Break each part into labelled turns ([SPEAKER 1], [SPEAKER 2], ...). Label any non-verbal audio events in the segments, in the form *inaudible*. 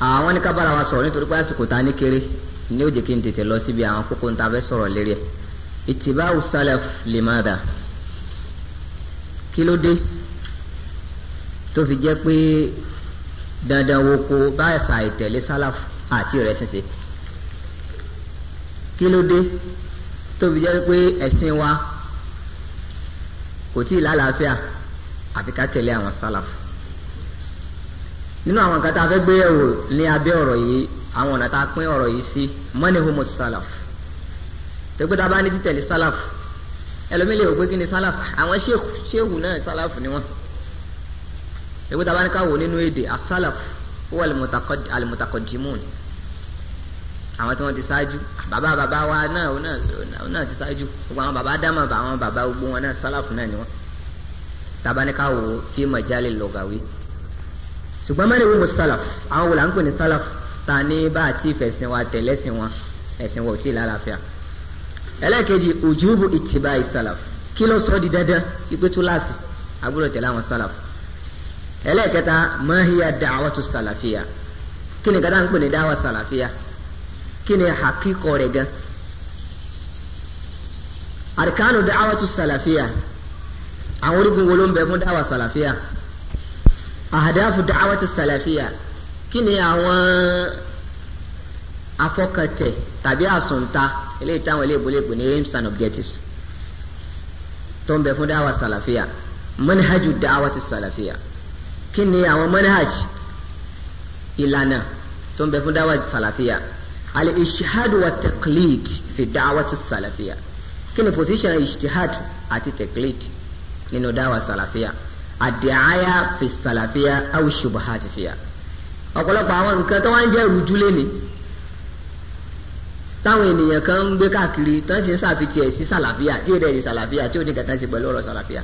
[SPEAKER 1] àwọn ní ká bára wa sọ̀rọ̀ nítorí pé àsìkò tá a ní kéré ní ó jẹ́ kí n tètè lọ síbi àwọn kókó ń ta fẹ́ sọ̀rọ̀ lérí ẹ̀ ìtìbáwù sálẹ̀f lèmọ́dà kí ló dé tó fi jẹ́ pé dandan wo ko báyìí sà ìtẹ̀lé sálàf àti rẹ̀ ṣinṣe kí ló dé tó fi jẹ́ pé ẹ̀sìn wa kò tí ì lálàáfíà àfi ká tẹ̀lé àwọn sálàf nínú àwọn nǹkan tá a fẹ́ gbé yẹ̀wò ní abẹ́ ọ̀rọ̀ yìí àwọn ọ̀nà tá a pín ọ̀rọ̀ yìí sí mọ́ni homo salaf tẹ́gbẹ́ tá a bá ní títẹ̀lé salaf ẹlòmíì lè rò pé kí ni salaf àwọn ṣéèkù ṣéèkù náà salaf ni wọ́n tẹ́gbẹ́ tá a bá ní ká wò nínú èdè asalaf ó wà alimutakọ̀dìmùn àwọn tí wọ́n ti ṣáájú bàbá bàbá wa náà ó náà ti ṣáájú gbogbo àwọn bàbá dámà àwọn bàbá gbogbo wọn náà salaf náà ni wọ́n tá a bá ní ká wò ṣùgbọ́n mẹ́rin wo mo sálà àwọn wo là ń pè ní sálà ta ní bá a ti fẹ̀sìn wa tẹ̀lẹ́sìn wọn ẹ̀sìn wọn ò tí ì lálàáfíà. ẹlẹ́ẹ̀kejì ojúbù ìtìbá ìsálà kí ló sọ di dandan ipe túláàsì agbọ́dọ̀ tẹ̀lé àwọn sálà. ẹlẹ́ẹ̀kẹta mahiya da'watu sàlàfíà kí ni gàdá ń pè ní dáwà sàlàfíà kí ni hakíkọ rẹ̀ gan. àríkánu da'watu sàlàfíà àwọn orígun wo ló ń bẹ fún dáwà sàlàfíà ahadafu da'awati salafiya kí ni àwọn afọkàntẹ̀ tàbí àsùnta eléyìí táwọn eléyìí bolè pè ní aims and objectives tó ń bẹ fún da'awa salafiya manhaju da'awati salafiya kí ni àwọn manhaj ìlànà tó ń bẹ fún da'awa salafiya al-ijtihad wa taqlid fi da'awati salafiya kí position ijtihad àti taqlid nínú da'awa salafiya àdìáyà fi sàlàfíà aw ṣubuhati fíà ọ̀pọ̀lọpọ̀ àwọn nǹkan tó wá ń jẹ́ rújú léni táwọn ènìyàn kan ń gbé káàkiri tó ń ṣe sàfitì ẹ̀ sí sàlàfíà tí èdè ẹ̀ di sàlàfíà tí ò ní kẹta ṣe pẹ̀lú ọ̀rọ̀ sàlàfíà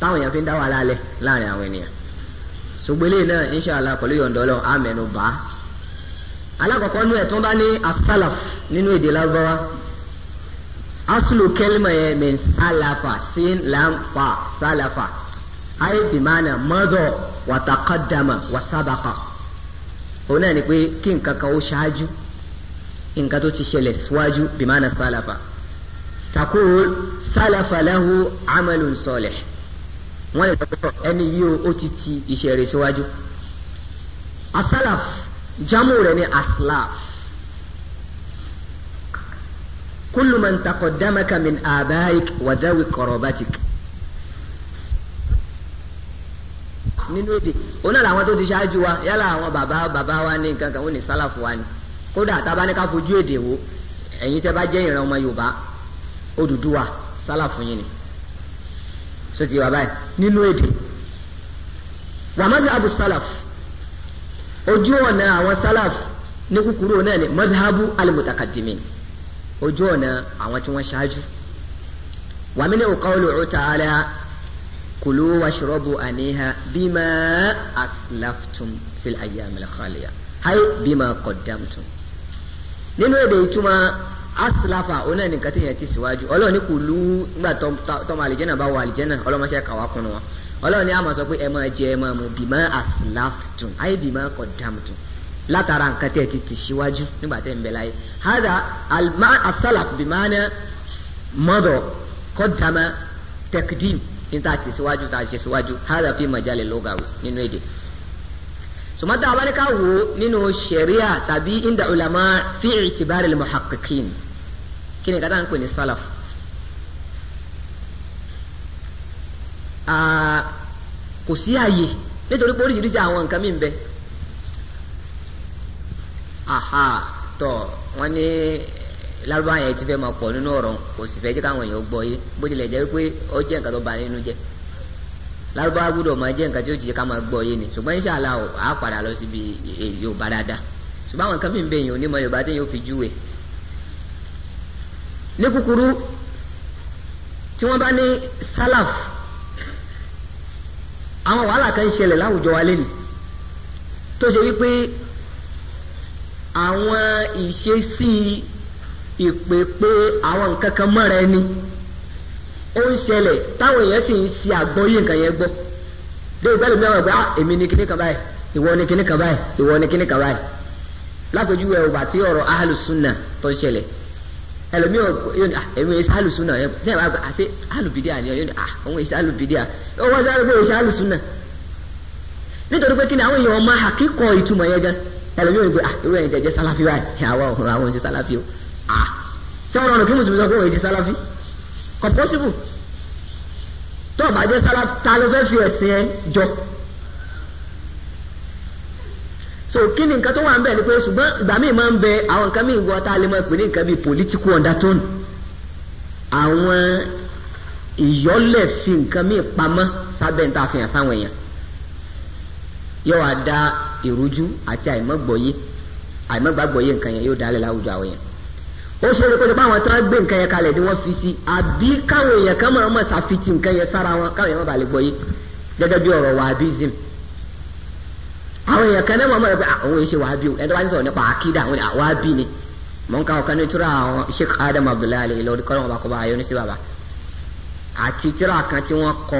[SPEAKER 1] táwọn èèyàn fi ń dá wàhálà alẹ́ láàrin àwọn ènìyàn ṣùgbọ́n eléyìí náà inṣàlá pẹ̀lú yọ̀ǹdọ́ lọ àmẹ́nu bá alákọ̀ọ́kọ́ nú ẹ̀ tó bá ní asálàf nínú èdè lárúbáwá aslu kelma ya min salafa sin lam fa salafa ayé bimana mọ́dọ̀ wàtàkọ́dàmà wàsábàkà òun náà ni pé kí nǹkan kan ó ṣáájú nǹkan tó ti ṣẹlẹ̀ síwájú bimana salafa takuru salafa lahu amalun salih wọ́n lè sọ ẹni yìí ó ti ti ìṣẹ̀rẹ̀ síwájú asalaf jamu rẹ̀ ni aslaf. كل من تقدمك من آبائك وذوي قرابتك nínú èdè òun náà làwọn tó ti ṣáájú wa yálà àwọn bàbá bàbá wa ní nǹkan kan ó ní sálàfù wa ni kódà tábà ní ká fojú èdè wo ẹ̀yin tẹ́ bá jẹ́ ìran ọmọ Yorùbá Odùduwà sálàfù yín ni so ti wà báyìí nínú èdè wàmọ́dé abu ojú ọ̀nà àwọn sálàf ní kúkúrú náà ni mọ́dé abu ojú ọ̀nà àwọn tí wọ́n ṣáájú. wàmílẹ̀ qawluhu ta'ala kulu washrabu àníhà bima aslaftum fil ayyamil khaliya hay bima qaddamtum. nínú èdè ìtumọ̀ asilafa ọ̀nà nìkan tí yẹn ti síwájú ọlọ́run ní kulu nígbà tọ́mọ àlìjẹ́nà bá wọ àlìjẹ́nà ọlọ́mọṣẹ́ kàwá kunu wọn ọlọ́run ní àmọ̀ sọ pé ẹ máa jẹ ẹ máa mu bima aslaftum hay bima qaddamtum látara nǹkan tẹ́ ẹ ti tì síwájú nígbà tẹ́ ń bẹ láyé hada asalaf bimaana mọ́dọ̀ kọ́dàmà tẹkidim níta tì síwájú tá a ṣe síwájú hada fi majalè lọ́gàwé nínú èdè. sùmọ́tà abáníká wo nínú sẹ̀ríà tàbí inda ulama fi ìtìbárì lè muhakkikin kí ni kata ń pè ní salaf. kò sí àyè nítorí pé oríṣiríṣi àwọn nǹkan mi ń bẹ aha tọ wọn ní lárúbá yẹn ti fẹ́ máa pọ̀ nínú ọ̀rọ̀ kò sì fẹ́ jẹ́ káwọn èèyàn gbọ́ yé bó tilẹ̀ jẹ́ pé ó jẹ́ nǹkan tó bà nínú jẹ́ lárúbá gbọ́dọ̀ máa jẹ́ nǹkan tí ó jẹ́ ká máa gbọ́ yé ni ṣùgbọ́n inṣàlá o àá padà lọ síbi e, Yorùbá dáadáa ṣùgbọ́n àwọn nǹkan mìíràn bẹ̀yìn onímọ̀ Yorùbá tí yóò fi júwe. ní kúkúrú tí wọ́n bá ní sálàf àwọn wàhálà kan ṣẹlẹ̀ láwùjọ wa lẹ́nu tó ṣe wípé àwọn ìṣesí ìpèpè àwọn nǹkan kan mọ́ra ẹni ó ń ṣẹlẹ̀ táwọn èèyàn sì ń ṣe àgbọ́yé nǹkan yẹn gbọ́ dé ìgbẹ́lú mi àwọn ọ̀gá ah, èmi ni kíní kan báyìí ìwọ ni kíní kan báyìí ìwọ ni kíní kan báyìí lápèjúwe ọba tí ọ̀rọ̀ ahalùsùnà tó ń ṣẹlẹ̀ ẹlòmíì yóò ní ah, èmi èsì yẹn ah, ni yóò ó sáré pé nítorí pé kíni àwọn èèyàn ọmọ àkíkọ ìtumọ̀ yẹn gan-an ẹlòmíràn gbé ah irú ẹni tẹ̀jẹ́ sálàfí wa ẹ̀ àwọn ọ̀hún àwọn sálàfí o ah ṣé wọn rọrùn kí mùsùlùmí sọ pé òun ti sálàfí kò pọ́sibù tó o bá jẹ́ sálàfí ta ló fẹ́ fi ẹ̀sìn ẹ jọ. so kí ni nǹkan tó wà ń bẹ̀ ni pé ṣùgbọ́n ìgbà míì máa ń bẹ àwọn nǹkan míì wọ tá a lè máa pè ní nǹkan bíi political undertone àwọn ìyọ́lẹ̀ fi nǹkan míì pamọ́ sábẹ́ sáwọn èèyàn yóò wá da ìrújú àti àìmọ́gbọ̀yé àìmọ́gbàgbọ̀yé nǹkan yẹn yóò dálẹ̀ láwùjọ àwọn yẹn ó ṣe é kótó báwọn tán gbé nǹkan yẹn kalẹ̀ ni wọ́n fi sí àbí káwọn èèyàn kan máa mọ̀ ṣàfitì nǹkan yẹn sára wọn káwọn èèyàn má balẹ̀ gbọ́yé gẹ́gẹ́ bí ọ̀rọ̀ wàhábísìm àwọn èèyàn kan náà mọ̀ mọ̀ pé àwọn èèyàn ṣe wàhábí o ẹni tó bá ń sọ̀rọ̀ nípa àkídà àwọn wàhábí ni mọ̀ ń ka ọ̀kan ní tura àwọn Sheikh Adam Abdullahi alayhi lọ́dún kọ́ lọ́wọ́ bá kọ́ bá ayọ́ ní sí bàbá àti tura kan tí wọ́n kọ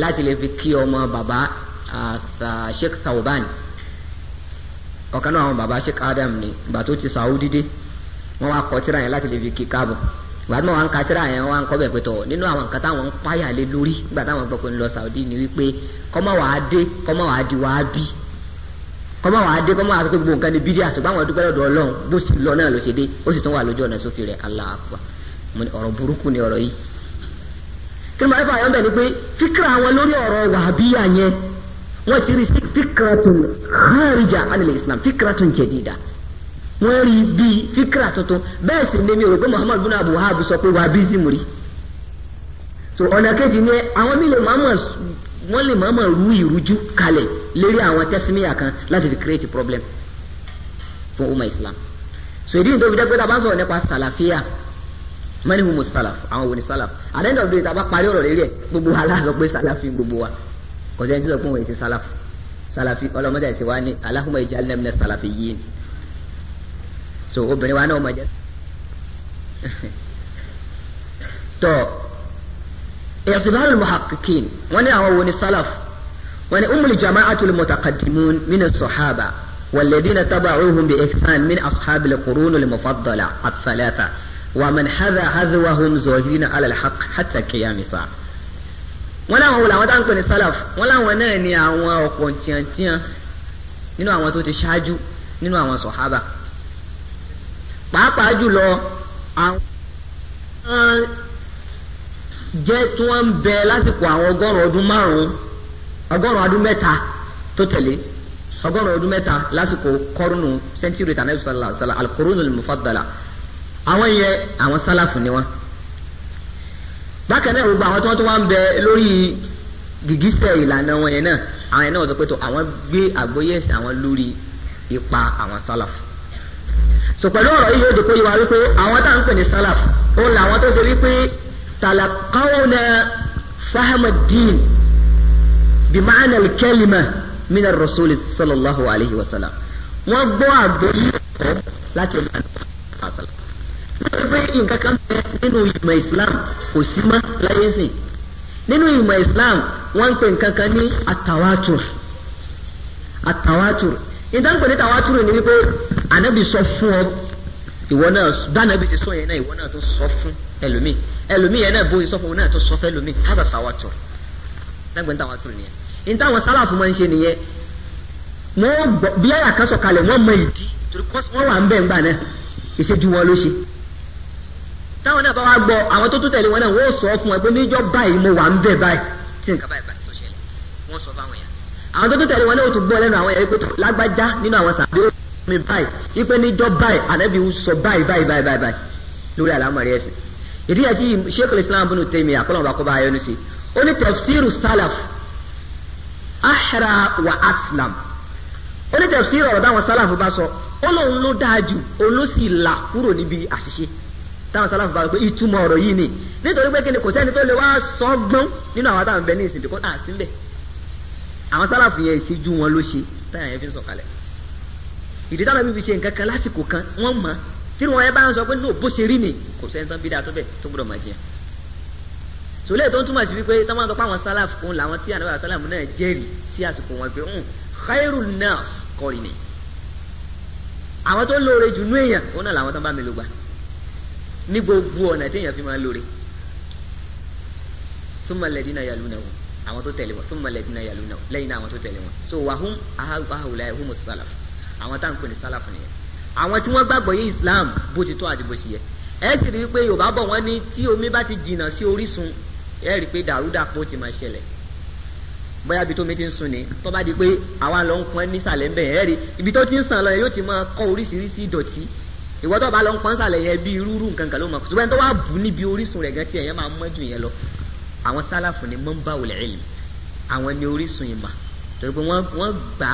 [SPEAKER 1] láti lè fi kí ọmọ bàbá Sheikh Tawbani ọ̀kan náà àwọn bàbá Sheikh Adam ni ìgbà tó ti Saudi dé wọ́n wá kọ tírà yẹn láti lè fi kí káàbọ̀ ìgbà tí wọ́n wá ń ka tírà yẹn wọ́n ń kọ́ bẹ̀ pé tọ̀ nínú àwọn nǹkan táwọn ń páyà lé lórí ìgbà táwọn gbọ́ pé ń lọ Saudi ni wípé kọ́mọ́ wàá dé kọ́mọ́ wàá di wàá bí kọ́mọ́ wàá dé kọ́mọ́ wàá sọ pé gbogbo nǹkan ni bídí àtúgbà àwọn dúpẹ́ lọ́dọ̀ Ọlọ́run bó sì lọ náà ló ṣe dé ó sì tún wà lójú ọ̀nà sófin rẹ̀ Allah akbar ọ̀rọ̀ burúkú ni ọ̀rọ̀ yìí kí ni mo fẹ́ fà yọ̀ ń bẹ̀ ni pé fíkìrà àwọn lórí ọ̀rọ̀ wàhábíyà yẹn وتري فكرة خارجة عن الإسلام فكرة جديدة wọ́n rí bíi fikra tuntun bẹ́ẹ̀ sì ni mi rò pé muhammad bin abu wahab sọ pé wàá bíi zimuri so ọ̀nà kejì ni àwọn mi lè mọ̀ọ́mọ̀ wọ́n lè mọ̀ọ́mọ̀ rú ìrújú kalẹ̀ lérí àwọn tẹ́símíyà kan láti fi create problem fún umar islam so ìdí nítorí dẹ́gbẹ́ tá a bá ń sọ̀rọ̀ nípa sàlàfíà mọ́ni humus salaf àwọn wo ni salaf at the end of the day tá a bá parí ọ̀rọ̀ lérí ẹ̀ gbogbo wa láàzọ pé sàlàfí gbogbo wa. kò sẹ́ni tí sọ fún wọn èsì sálàfù sálàfì ọlọ́mọdé ẹ̀sìn wa ni aláhùnmọ̀ ìjà lẹ́mìnà sálàfì yìí so obìnrin wa náà mọ̀ jẹ́ tọ́ ìyàtúbárù muhakkikin wọ́n ní àwọn wo ni salaf wọ́n ní umul jama'atul mutaqaddimun min as-sahaba والذين تبعوهم بإحسان من أصحاب القرون المفضلة الثلاثة ومن حذا حذوهم زوجين على الحق حتى قيام الساعة wọ́n láwọn wo làwọn táwọn ní salaf wọ́n láwọn náà ni àwọn ọ̀pọ̀ tiẹ̀tiẹ̀ nínú àwọn tó ti ṣáájú nínú àwọn sọ̀hábà pàápàá jùlọ àwọn jẹ́ tí wọ́n ń bẹ lásìkò àwọn ọgọ́rùn-ún ọdún márùn-ún ọgọ́rùn-ún ọdún mẹ́ta tó tẹ̀lé ọgọ́rùn ọdún mẹ́ta lásìkò kọ́rùnù sẹ́ńtúrì tànẹ́sọ̀lá alqurunul mufaddala àwọn yẹn àwọn sálàfù ni wọ́n bákan náà gbogbo àwọn tí wọ́n tó wá ń bẹ lórí gìgísẹ̀ ìlànà wọn yẹn náà àwọn yẹn náà sọ pé tó àwọn gbé àgbóyè àwọn lórí ipa àwọn sálàf so pẹ̀lú ọ̀rọ̀ yìí yóò dòkó yìí wá wípé àwọn tá à ń pè ní sálàf ó là àwọn tó ṣe wípé talakawna fahamadin bimaana kalima mina rasuli sallallahu alayhi wa sallam wọ́n gbọ́ àgbóyè ẹ̀sìn láti ọ̀nà àṣàlàf pé nǹkan kan bẹ nínú ìmọ̀ islam kò sí mọ́ láyé sìn nínú ìmọ̀ islam wọ́n ń pè nǹkan kan ní atawatur atawatur ìdánpẹ̀ ní tawatur ni wípé anabi sọ fún ọ ìwọ náà bánabi ti sọ yẹn náà ìwọ náà tó sọ fún ẹlòmíì ẹlòmíì yẹn náà bóyá sọ fún òun náà tó sọ fún ẹlòmíì hasa tawatur dágbẹ̀ ní tawatur nìyẹn ìtàwọn sálàfù máa ń ṣe nìyẹn wọ́n bí àyà kan sọ̀kalẹ̀ wọ́n mọ ìdí torí wọ́n táwọn náà bá wá gbọ́ àwọn tó tún tẹ̀lé wọn náà wọ́n sọ fún ẹ pé níjọ́ báyìí mo wà ń bẹ̀ báyìí tí nǹkan báyìí báyìí tó ṣẹlẹ̀ wọ́n sọ fáwọn yẹn àwọn tó tún tẹ̀lé wọn náà ó tún gbọ́ lẹ́nu àwọn yẹn pé lágbájá nínú àwọn sàbí ó mi báyìí wípé níjọ́ báyìí ànábì sọ báyìí báyìí báyìí báyìí lórí àlámọ̀rí ẹ̀sìn ìdí àti sheikh islam bin tèmi àkọlọ́wọ́ bá kọ́ bá ayọ́nu sí ó ní tafsiru salaf ahra wa aslam ó ní tafsiru ọ̀rọ̀ táwọn salaf bá sọ ó lóun ló dáa jù òun ló sì táwọn sọláfù bá rò pé ìtumọ̀ ọ̀rọ̀ yìí ni nítorí pé kíni kò sẹ́ni tó lè wá sọ́gbọ́n nínú àwọn táwọn bẹ ní ìsìn bíkọ́ àti ń bẹ̀ àwọn sọláfù yẹn ìṣíjú wọn ló ṣe táyà yẹn fi ń sọ̀kalẹ̀ ìdí táwọn bíbi ṣe nǹkan kan lásìkò kan wọ́n mọ̀ tí wọ́n yẹn bá ń sọ pé náà bó ṣe rí ni kò sẹ́ni tán bí dáa tó bẹ̀ tó gbọ́dọ̀ máa jiyàn sòlẹ́ tó ń túmọ̀ sí wípé tó máa àwọn hmm, nas kọrin ni àwọn tó lóore jù nú èèyàn òun náà làwọn tó ní gbogbo ọ̀nà tí èèyàn fi máa lóore thumma alladhina yalunahu àwọn tó tẹ̀lé wọn thumma alladhina yalunahu lẹ́yìn náà àwọn tó tẹ̀lé wọn so wàhùn ahàwùlà humus salaf àwọn táwọn kò ní salaf nìyẹn àwọn tí wọ́n gbàgbọ́ yé Islam bó ti tọ́ àti bó ṣe yẹ ẹ sì rí i pé Yorùbá bọ̀ wọ́n ní tí omi bá ti jìnnà sí orísun ẹ rí i pé dàrúdàpọ̀ ti máa ṣẹlẹ̀ bóyá ibi tó mi ti ń sun ni tó bá di pé àwa lọ ń pọn nísàlẹ̀ ń bẹ̀ ẹ́ rí ibi tó ti ń sàn lọ yóò ti máa kọ́ oríṣiríṣi ìdọ̀tí ìwọ tó bá lọ ń pọn sàlẹ̀ yẹn bí irúurú nǹkan kan ló mọ̀ ṣùgbọ́n tó wá bù níbi orísun rẹ̀ gan tí ẹ̀yẹ́ máa mọ́ jù yẹn lọ àwọn sálàfù ni mọ́ńbà wòlẹ̀ ẹ̀lì àwọn ni orísun ìmọ̀ torí pé wọ́n gbà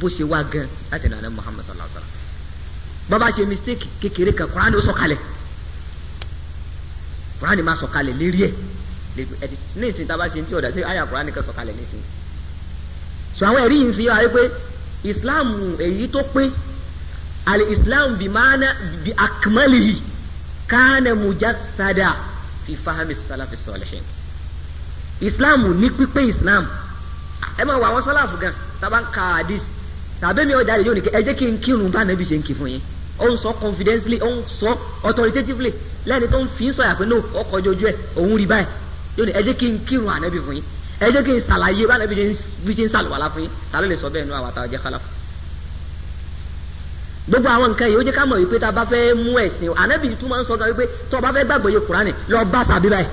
[SPEAKER 1] bó ṣe wá gan láti nàá Muhammad sallallahu alaihi wa sallam bàbá ṣe mistake kékeré kan Kùránì ó sọ̀kalẹ̀ Kùránì máa sọ̀kalẹ̀ lérí ẹ̀ ní ìsìn tá a bá ṣe ní tí ọ̀dà ṣe àyà Kùránì kan sọ̀kalẹ̀ ní Islam èyí tó الإسلام بمعنى بأكمله كان مجسدا في فهم السلف الصالحين islam ní pípé islam ẹ máa wọ àwọn sọláàfù gan tábà ń ka hadith sàbẹ́mi ọjà lè yóò ní kí ẹ jẹ́ confidently ó ń sọ authoritatively lẹ́ni tó ń fi sọ̀yà pé no ọkọ̀ ojú ẹ̀ òun rí báyìí yóò ní ẹ jẹ́ kí n kírun ànábì fún yín ẹ jẹ́ kí n ṣàlàyé bá nàbí ṣe ń ṣàlùwàlá fún yín ta sọ bẹ́ẹ̀ nú àwọn àtàwọn jẹ́ kálá fún gbogbo àwọn nǹkan yìí ó jẹ́ ká mọ̀ wípé tá a bá fẹ́ mú ẹ̀sìn ànábì tún máa ń sọ gan wípé tó o bá fẹ́ gbàgbọ́ yẹ kùránì lọ bá sàbí báyìí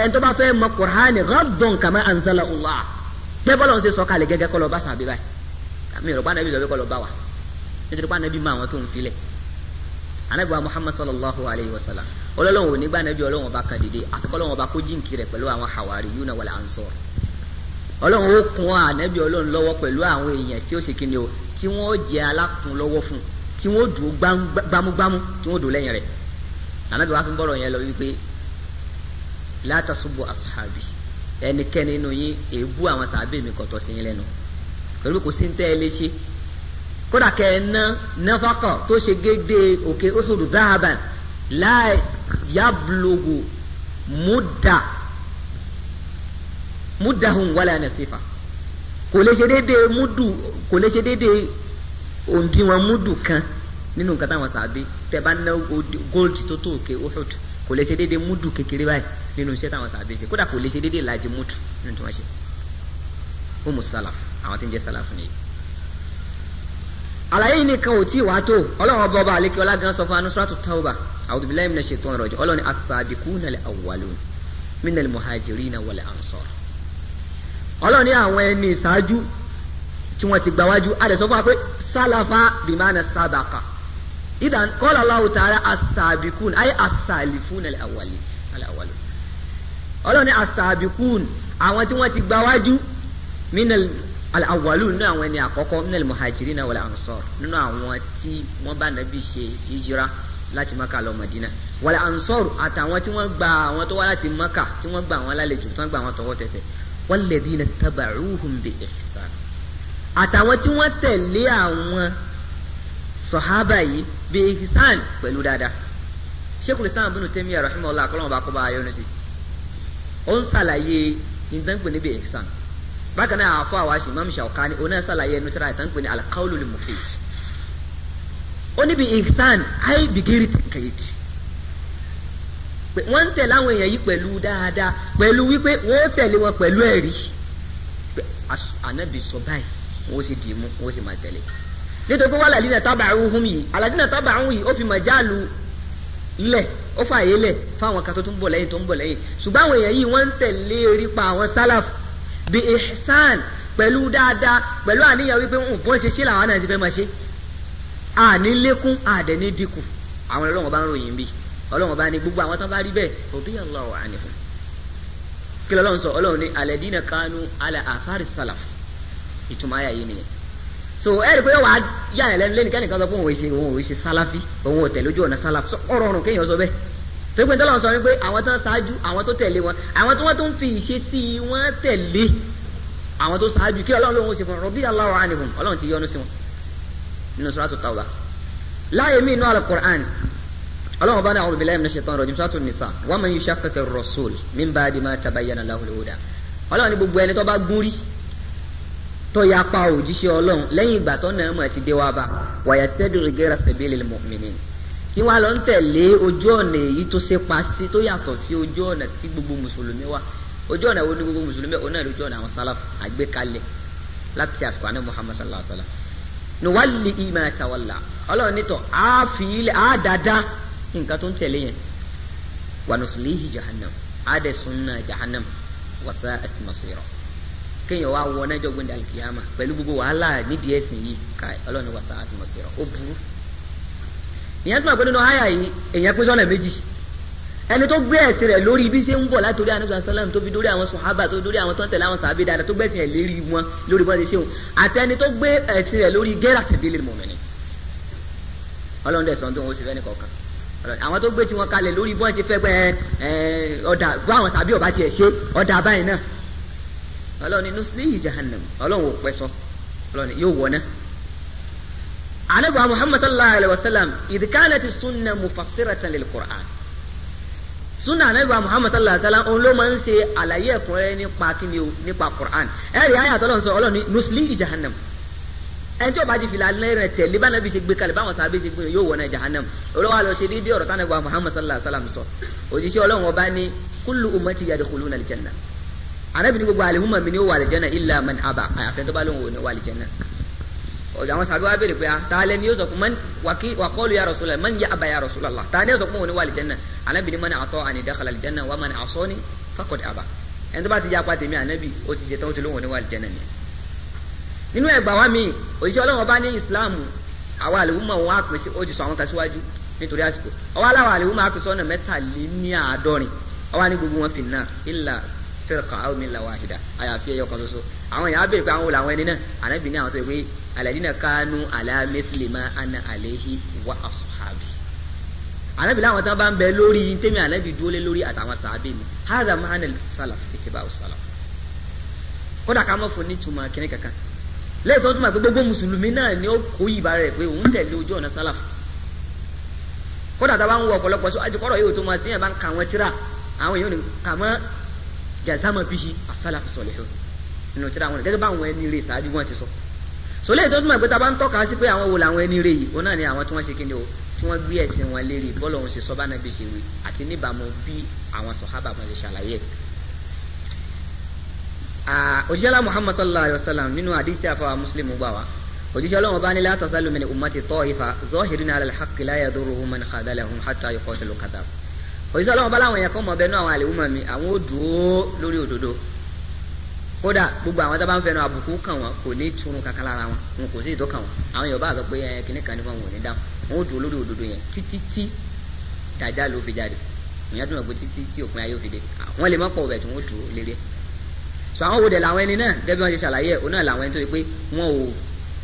[SPEAKER 1] ẹni tó bá fẹ́ mọ kùránì gọ́dùn kàmá anzala Allah tẹ́bọ́lá ń ṣe sọ kalẹ̀ gẹ́gẹ́ kọ́ lọ bá sàbí báyìí àmì ìrọ̀pá ànábì sọ pé kọ́ lọ bá wa nítorí pé ànábì mọ àwọn tó ń filẹ̀ ànábì wa tí wọ́n jẹ́ alákùnlọ́wọ́ fún tí wọ́n dùn gbámúgbámú tí wọ́n dùn lẹ́yìn rẹ̀ nànàbí wàá fi ń bọ̀rọ̀ yẹn lọ wípé látàṣubú asuhabi ẹnikẹ́ni nínú yín èébú àwọn sàábẹ̀ mi kọ̀tọ̀ sí yín lẹ́nu pẹ̀lú kò sí ń tẹ́ ẹ lé ṣe kódà kẹ́ ẹ ná náfàkọ̀ tó ṣe gédé òkè oṣooṣù dáhàbàn láì yábùlógù múdà múdàhùn wala nasifa kò lè ṣe déédéé múdù kò lè ṣe déédéé òǹdíwọ̀n múdù kan nínú nǹkan táwọn sàbí tẹ bá ná gold tó tó òkè Uhud kò lè ṣe déédéé múdù kékeré báyìí nínú iṣẹ́ táwọn sàbí ṣe kódà kò lè ṣe déédéé làjì múdù nínú tí wọ́n ṣe umu salaf àwọn tí ń jẹ́ salaf nìyí. àlàyé yìí nìkan ò tí ì wá tó ọlọ́run ọba ọba àlékè ọlá sọ fún anusratu tauba a'udhu billahi minash shaitani rajim ọlọ́run as-sadiquna al-awwalun minal muhajirina wal ansar ọlọ́run ní àwọn ẹni ìṣáájú tí wọ́n ti gbà wájú a lè sọ fún wa pé sálàfà bìmánà sábàkà idan kọ́lá Allahu ta'ala asàbìkún ayé asàlìfún aláwàlì aláwàlì ọlọ́run ní asàbìkún àwọn tí wọ́n ti gbà wájú minal aláwàlù nínú àwọn ẹni àkọ́kọ́ minal muhajirina wal ansar nínú àwọn tí wọ́n bá nàbí ṣe hijira láti maka lọ madina wàlẹ̀ ansọ́rù àtàwọn tí wọ́n gba àwọn tó wá láti maka tí wọ́n gba àwọn lálejò tí wọ́n gba àwọn tọwọ́ tẹsẹ̀ walladhina taba'uhum bi ihsan àtàwọn tí wọ́n tẹ̀lé àwọn sọ̀hábà yìí bi ihsan pẹ̀lú dáadáa Sheikhul Islam Ibn Taymiyyah rahimahullah akọ́lọ́mọ̀ bá kọ́ bá ayọ́ nísì ó ń sàlàyé ìdánpẹ̀ níbi ihsan bákan náà àfọ àwọn aṣọ Imam Shawkani òun náà sàlàyé ẹnu tíra ìdánpẹ̀ ní al-qawlul mufid ó níbi ihsan ayé bìgírì tẹ̀kẹ̀yìtì wọ́n ń tẹ̀lé àwọn èèyàn yìí pẹ̀lú dáadáa pẹ̀lú wípé wọ́n ó tẹ̀lé wọn pẹ̀lú ẹ̀rí pé ànábì sọ báyìí wọ́n ó sì dì í mú wọ́n ó sì máa tẹ̀lé nítorí pé wọ́n làlí náà tábà ń hùm yìí àlàdí náà tábà ń hùm yìí ó fi màjálù lẹ̀ ó fà yé lẹ̀ fáwọn kan tó tún bọ̀ lẹ́yìn tó ń bọ̀ lẹ́yìn ṣùgbọ́n àwọn èèyàn yìí wọ́n ń tẹ̀lé rípa àwọn sálàf bí ihsan pẹ̀lú dáadáa pẹ̀lú àníyàn wípé ń bọ́n ṣe ṣé làwọn náà ti fẹ́ máa ṣe àní lékún àdẹ̀ ní dínkù àwọn ẹlọ́wọ̀n bá ń ròyìn bíi ọlọ́run bá ní gbogbo àwọn tán bá rí bẹ́ẹ̀ radiyallahu anhum kí lọ́lọ́run sọ ọlọ́run ní alladina kanu ala afari salaf ìtumọ̀ ayà yìí nìyẹn so ẹ̀rí pé wàá yà ẹ̀ lẹ́nu lẹ́nu kẹ́nìkan sọ pé òun ìṣe òun ìṣe sálàfí òun ò tẹ̀lé ojú ọ̀nà sálàfí sọ ọ̀rọ̀ ọ̀rùn kéèyàn sọ bẹ́ẹ̀ torí pé tọ́lọ́run sọ wípé àwọn tán ṣáájú àwọn tó tẹ̀lé wọn àwọn tó wọ́n tó ń fi ìṣesí wọn tẹ̀lé àwọn tó ṣáájú kí ọlọ́run lóhun ṣe fún radiyallahu anhum ọlọ́run ti yọ́nú sí wọn nínú suratu tawba láàyè míì nú al-Qur'an ọlọ́run بنا ní àwọn من minash shaitani rajim النساء nisa wa الرسول من بعد ما تبين ba'di ma tabayyana lahul huda ọlọ́run ní gbogbo ẹni tó bá gún rí tó ya pa òjíṣẹ́ ọlọ́run lẹ́yìn ìgbà tó náà mọ̀ ti dé wá bá wa yattabi'u ghayra sabilil mu'minin kí wọ́n á lọ ń tẹ̀lé ojú ọ̀nà èyí tó ṣe pa sí tó yàtọ̀ sí ojú ọ̀nà tí gbogbo mùsùlùmí wà ojú ọ̀nà wo ni gbogbo mùsùlùmí ọ̀nà ojú ọ̀nà àwọn sálàf àgbékalẹ̀ láti àsìkò àná Muhammad sallallahu nǹkan tó ń tẹ̀lé yẹn wa nuslihi jahannam adẹ sunna jahannam wa sa'at masira kéèyàn wá wọ náà jọgbìn dàlkìyàmà pẹ̀lú gbogbo wàhálà nídìí ẹ̀sìn yìí ká ọlọ́run wa sa'at masira ó burú. ìyẹn tún àgbẹ̀dẹ̀ náà háyà yìí èèyàn pín sọ́nà méjì ẹni tó gbé ẹ̀sìn rẹ̀ lórí bí ṣe ń bọ̀ látòrí ànúgbà sálàm tó fi dórí àwọn sọ̀hábà tó dórí àwọn tọ́ntẹ̀lé àwọn sàbí dáadáa tó gbẹ̀sìn ẹ̀ lérí wọn lórí bọ́ọ̀dé ṣéun àti ẹni tó gbé ẹ̀sìn rẹ̀ lórí gẹ́rà tẹ̀bílẹ̀ mọ̀mẹ́ni ọlọ́run dẹ̀ sọ́n tó ń sì fẹ́ nìkan kan àwọn tó gbé tiwọn kalẹ̀ lórí bọ́n ṣe fẹ́ pẹ́ ọ̀dà bá àwọn tàbí ọba tiẹ̀ ṣe ọ̀dà báyìí náà ọlọ́run ní nuslihi jahannam ọlọ́run ò pẹ́ sọ ọlọ́run yóò wọ̀ náà. anabu muhammad sallallahu alayhi wa sallam idikana ti sunna mufassiratan lil qur'an sunna anabu muhammad sallallahu alayhi wa sallam òun máa ń ṣe àlàyé ẹ̀kúnrẹ́rẹ́ nípa kíni o nípa qur'an ẹ̀rí ayé àtọ́lọ́run ẹni tí o bá ti fìlà lẹ́rẹ̀ tẹ̀lé bá nàbí ṣe gbé kalẹ̀ báwọn sábẹ́ ṣe gbé yóò wọ̀ náà jahannam olówó àlọ́ ṣe dídí ọ̀rọ̀ tánàbí wa muhammad sallallahu alayhi wa sallam sọ òjíṣẹ́ ọlọ́run ọba ní kullu ummati yadkhuluna aljanna arábìnrin gbogbo àlehùnmọ̀ mi ni ó wà aljanna illa man aba àyàfẹ́ tó bá lóun ò ní wà aljanna àwọn sábẹ́ wa béèrè pé taale ni yóò sọ fún man wàkí wàkọ́lù ya rasulillah man ya aba ya rasulillah taale yóò nínú ẹgbà wa mi òṣìṣẹ́ ọlọ́run ọba ní ìsìláàmù àwa àlèwúmọ̀ wọn á pín sí ó ti sọ àwọn kan síwájú nítorí àsìkò ọwọ́ aláwọ̀ àlèwúmọ̀ á pín sọ́nà mẹ́tàléníàádọ́rin ọwọ́ ní gbogbo wọn fi nà ìlà fẹ́rẹ̀kọ́ àwọn mi là wà àhìdá àyàfi ẹyọ kan ṣoṣo àwọn èèyàn á bèèrè pé àwọn làwọn ẹni náà ànábì ní àwọn tó yẹ pé alẹ́dínà kánú alámẹ́sìlẹ̀má ana àléhi wa ashabi ànábì láwọn tán bá ń bẹ lórí tẹ́mi ànábì dúró lé lórí àtàwọn sàábì mi hàdà mahanil salaf ìtìbà salaf kódà ká mọ̀ fún nítumọ̀ kínní kankan lẹ́ẹ̀tọ́ tó máa pé gbogbo mùsùlùmí náà ni ó kó yìí bára rẹ̀ pé òun tẹ̀lé ojú ọ̀nà sálàfù kódà tá a bá ń wọ ọ̀pọ̀lọpọ̀ sí àjùkọ́rọ̀ yóò tó máa tíyàn bá ń ka àwọn tíra àwọn èèyàn ní kà mọ́ jazama bihi as-salafu salihun nínú tíra àwọn gẹ́gẹ́ bá àwọn ẹni rè ṣáájú wọn ti sọ. sọ lẹ́ẹ̀tọ́ tó máa pé tá a bá ń tọ́ka sí pé àwọn wo làwọn ẹni rè yìí òun náà ni àwọn tí wọ́n ṣe kí òjíṣẹ́lá muhammad sallallahu alayhi wa sallam nínú àdìsí àfọwà muslim gbà wá òjíṣẹ́ ọlọ́run bá ní la tazalu min ummati ta'ifa zahirina ala al-haqqi la yadurruhum man khadalahum hatta yuqatilu kadhab òjíṣẹ́ ọlọ́run bá láwọn yẹn kọ́ mọ̀ bẹ́ẹ̀ náà àwọn àlè umar mi àwọn ò dúró lórí òdodo kódà gbogbo àwọn tábà ń fẹnu àbùkù kàn wọn kò ní túrun kankan lára wọn wọn kò sí ìtọ́ kàn wọn àwọn yorùbá sọ pé ẹ kìnnìkan ni wọn ò ní dáhùn wọn ò dúró lórí òdodo yẹn títí tí dàjà ló fi jáde ìyẹn tó ń gbé títí tí òpin ayé ó dé wọn lè má pọ̀ bẹ̀ tí wọn ó dúró lérí so àwọn wo dẹ̀ làwọn ẹni náà gẹ́gẹ́ bí wọ́n ṣe ṣàlàyé ẹ̀ òun náà làwọn ẹni tó yẹ pé wọn ò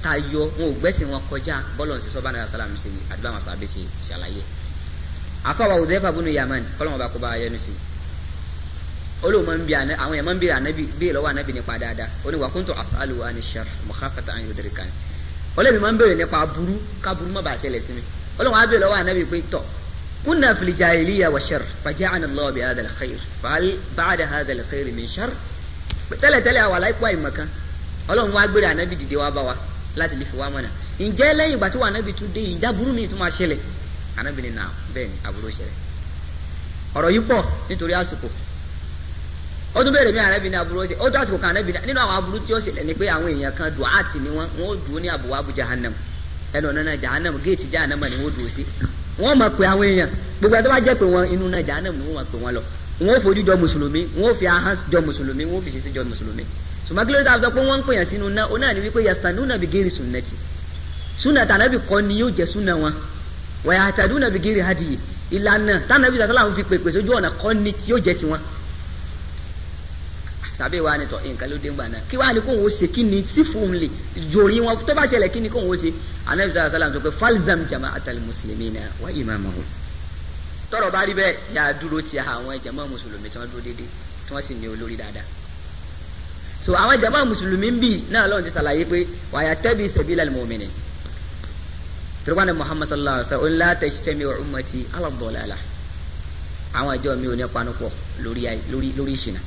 [SPEAKER 1] tayọ wọn ò gbẹ́sìn wọn kọjá bọ́lọ̀ sí sọ́bà náà sálàmù sí ni àdúrà wọn sàbẹ̀ ṣe ṣàlàyé afọwọ́ òdẹ́fà bùnú yamani kọ́lọ́mọ bá kó bá yẹnu sí olóòmọ ń bi àná àwọn èèyàn máa ń bi ànábì bí ìlọ́wọ́ ànábì nípa dáadáa ó ní wà kúntù as'alu wa ni shar mukhafata an yudrikan olóòmọ máa ń tẹ́lẹ̀tẹ́lẹ̀ awala láìpọ̀ àìmọ̀kan ọlọ́run wá gbére ànábì dìde wá bá wa láti lè fi wá mọ̀nà ǹjẹ́ lẹ́yìn ìgbà tí wà ànábì tún dé ìjà burú mi tún máa ṣẹlẹ̀ ànábì ni nà bẹ́ẹ̀ ni àbúrò ṣẹlẹ̀ ọ̀rọ̀ yìí pọ̀ nítorí àsìkò ó tún mi ànábì ni àbúrò ṣe ó tún àsìkò kan ànábì nínú àwọn aburú tí ó ṣẹlẹ̀ ni pé àwọn èèyàn kan dùn ni wọ́n wọ́n dùn ní abu jahannam ẹnu ọ̀nà náà jahannam géètì jahannam ni wọ́n dùn sí wọ́n wọn ò fojú jọ mùsùlùmí wọn ò fi ahán jọ mùsùlùmí wọn ò fi ṣiṣẹ jọ mùsùlùmí ṣùgbọ́n kí ló dé àfẹ́ pé wọ́n ń pèyàn sínú náà ó náà ní wípé yastanuna bi ghairi sunnati sunna tànàbì kọ́ ni yóò jẹ́ sunna wọn wa yahtaduna bi ghairi hadiyi ìlànà tànàbì sàtọ́ làwọn fi pèpè sójú ọ̀nà kọ́ ni yóò jẹ́ tiwọn. sàbẹ̀ wa ni tọ́ nǹkan ló dé ń gbà náà kí wàá ní kóhùn ó ṣe kí ni sífùm lè jòrí wọn tó bá ṣẹlẹ̀ kí ni kóhùn ó ṣe anabi tọrọ bá rí bẹ́ẹ̀ yà dúró ti àwọn jama mùsùlùmí tí wọ́n dúró déédéé tí wọ́n sì ní olórí dáadáa so àwọn jama mùsùlùmí ń bì náà lọ́run ti ṣàlàyé pé wàyà tẹ́bi sẹ̀bílẹ̀ mọ̀mìnì turuba muhammad sallallahu alaihi wa sallam ńlá tẹ̀ ṣiṣẹ́ mi ummati aladọ́lẹ́la àwọn ìjọ mi ò ní panupọ̀ lórí lórí ìṣìnà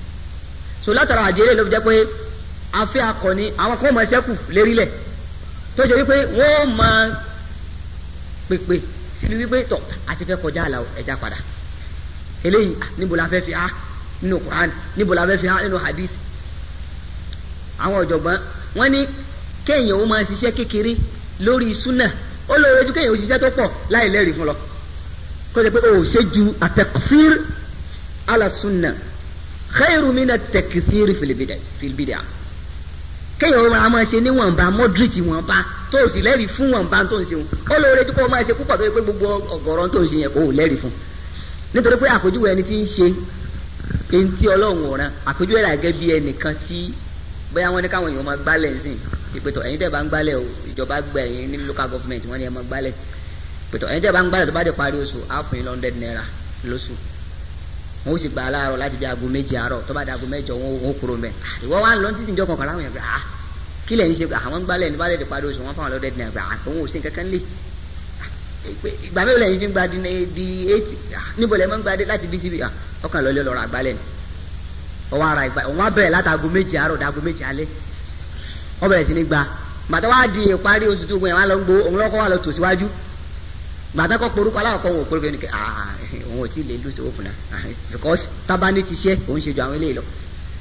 [SPEAKER 1] so látara àjẹrẹ́ ló jẹ́ pé afẹ́ akọni àwọn kan máa lérílẹ̀ tó ṣe wípé wọ́n máa pèpè sí ni wípé tọ̀ àti fẹ́ kọjá àlà ẹja padà eléyìí níbo la fẹ́ fi há nínú Quran níbo la fẹ́ fi há nínú hadith àwọn ọ̀jọ̀gbọ́n wọ́n ní kéèyàn ó máa ṣiṣẹ́ kékeré lórí súnà ó lóore ju kéèyàn ó ṣiṣẹ́ tó pọ̀ láì lẹ́rìí fún lọ kó jẹ́ pé o ṣe ju àtẹ̀kùsír àlà súnà khairu mina tẹ̀kùsír kéèyàn ó máa máa ṣe níwọ̀nba moderate wọ̀nba tó o sì lẹ́rìí fún wọ̀nba tó ń ṣe òun ó lóore tí kò máa ṣe púpọ̀ tó yẹ pé gbogbo ọ̀gọ̀rọ̀ tó ń ṣe yẹn kò lẹ́rìí fún nítorí pé àpèjúwe ẹni tí ń ṣe ẹni tí ọlọ́run ọ̀ràn àpèjúwe rà gẹ́gẹ́ bí ẹnìkan tí bóyá wọ́n ní káwọn èèyàn máa gbálẹ̀ nsìn ìpètò ẹ̀yin tẹ́ bá ń gbálẹ̀ o ìjọba gbẹ ẹ̀yin ní local government wọ́n ní ẹ máa gbálẹ̀ ìpètò ẹ̀yin tẹ́ bá ń gbálẹ̀ tó bá dé parí oṣù á fún yín lọ́ndẹ̀ náírà lóṣù wọn ó sì gbà láàárọ̀ láti di aago méje àárọ̀ tó bá di aago mẹ́jọ wọn ó kúrò mẹ ìwọ wa ń lọ títí ìjọ kọkànlá wọn yẹn pé ah kí lẹ̀ ń ṣe àwọn gbalẹ̀ ní balẹ̀ ti parí oṣù wọn fáwọn lọ́dẹ̀ dín ah, àgbà àtọ̀hún ò sí kankan lé ah, ìgbà mẹ́wàá lẹ́yìn fi ń gba di eight ah, níbo lẹ́ mọ́ ń gba dé láti bí ọkàn lọ́lẹ́ lọ́rọ̀ àgbálẹ̀ ni ọwọ́ ara ìgbà òun bẹ̀rẹ̀ látago gbàtà kọ́ porúkọ aláwọ̀kọ́ wọn ò porúkọ ẹni kẹ́ ah òun ò tí ì lè lùsì ó fúnra because tábánì ti ṣe òun ṣe ju àwọn eléyìí lọ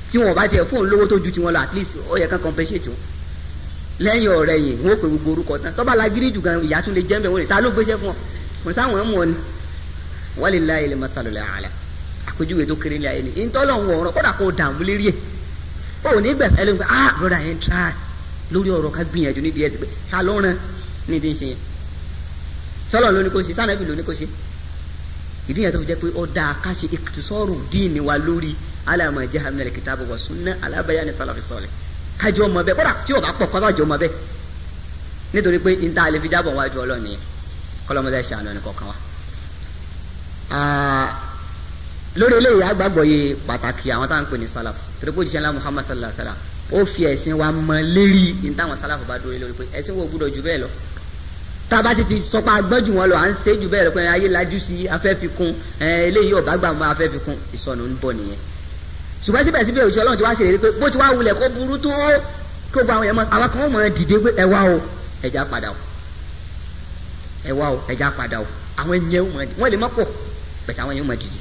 [SPEAKER 1] tí wọn ò bá tiẹ̀ fóun lówó tó ju tiwọn lọ at least ó yẹ kán compensate wọn lẹ́yìn ọ̀rẹ́ yìí wọn ò pè gbogbo orúkọ tán tọ́ba lagiri jù gan ìyá tún lè jẹ́ mbẹ́ wọn lè ta ló gbéṣẹ́ fún ọ kò sáwọn ẹ̀ mọ̀ ni wọ́n lè la ilẹ̀ masalọ̀lẹ̀ àlà àpèjúwe tó kéré ní ayé ni ntọ́lọ̀ ń wọ̀ọ́rọ̀ kódà kó dààmú lérí ẹ̀ ah brother yẹn try lórí ọ̀rọ̀ ká gbìyànjú nídìí ẹ̀ ti pé ta ló sọlọ ló ní kó ṣe sànàbì ló ní kó ṣe ìdí yẹn tó fi jẹ pé ó dáa ká ṣe ìkìtìsọ́rù díìnì wa lórí alama jẹ́ hamina kìtàbù wa sunna alábẹ́yà ni sàlàfi sọ̀lẹ̀ kájọ ọmọ bẹ́ẹ̀ kódà tí o bá pọ̀ kọ́tà jọ ọmọ bẹ́ẹ̀ nítorí pé n ta àlè fi dábọ̀ wájú ọlọ́ọ̀ni yẹn kọ́lọ́mọdé ṣàánú ẹni kọ̀ọ̀kan wa. lórí eléyìí agbàgbọ́ yé pàtàkì àwọn táwọn ń pè ní sàlàf torí pé òjíṣẹ́ ńlá Muhammad sallallahu ó fi ẹ̀sìn wa mọ lérí ní táwọn sàlàf bá dúró lórí pé ẹ̀sìn wo gbúdọ̀ ju bẹ́ẹ̀ lọ tá a bá ti ti sọ pé agbọ́n jù wọn lọ à ń ṣe jù bẹ́ẹ̀ rẹ pé ayé lajú sí afẹ́fikún eléyìí ọ̀bá gbà mọ́ afẹ́fikún ìsọnù ń bọ̀ nìyẹn ṣùgbọ́n síbẹ̀síbẹ̀ òṣìṣẹ́ ọlọ́run ti wá ṣe rí pé bó ti wá wulẹ̀ kó burú tó kó gba àwọn yẹn mọ́ àwọn kan mọ̀ dìde pé ẹ wá o ẹja padà o ẹ wá o ẹja padà o àwọn yẹn mọ̀ wọ́n lè mọ́ pọ̀ bẹ̀tẹ̀ àwọn yẹn mọ̀ dìde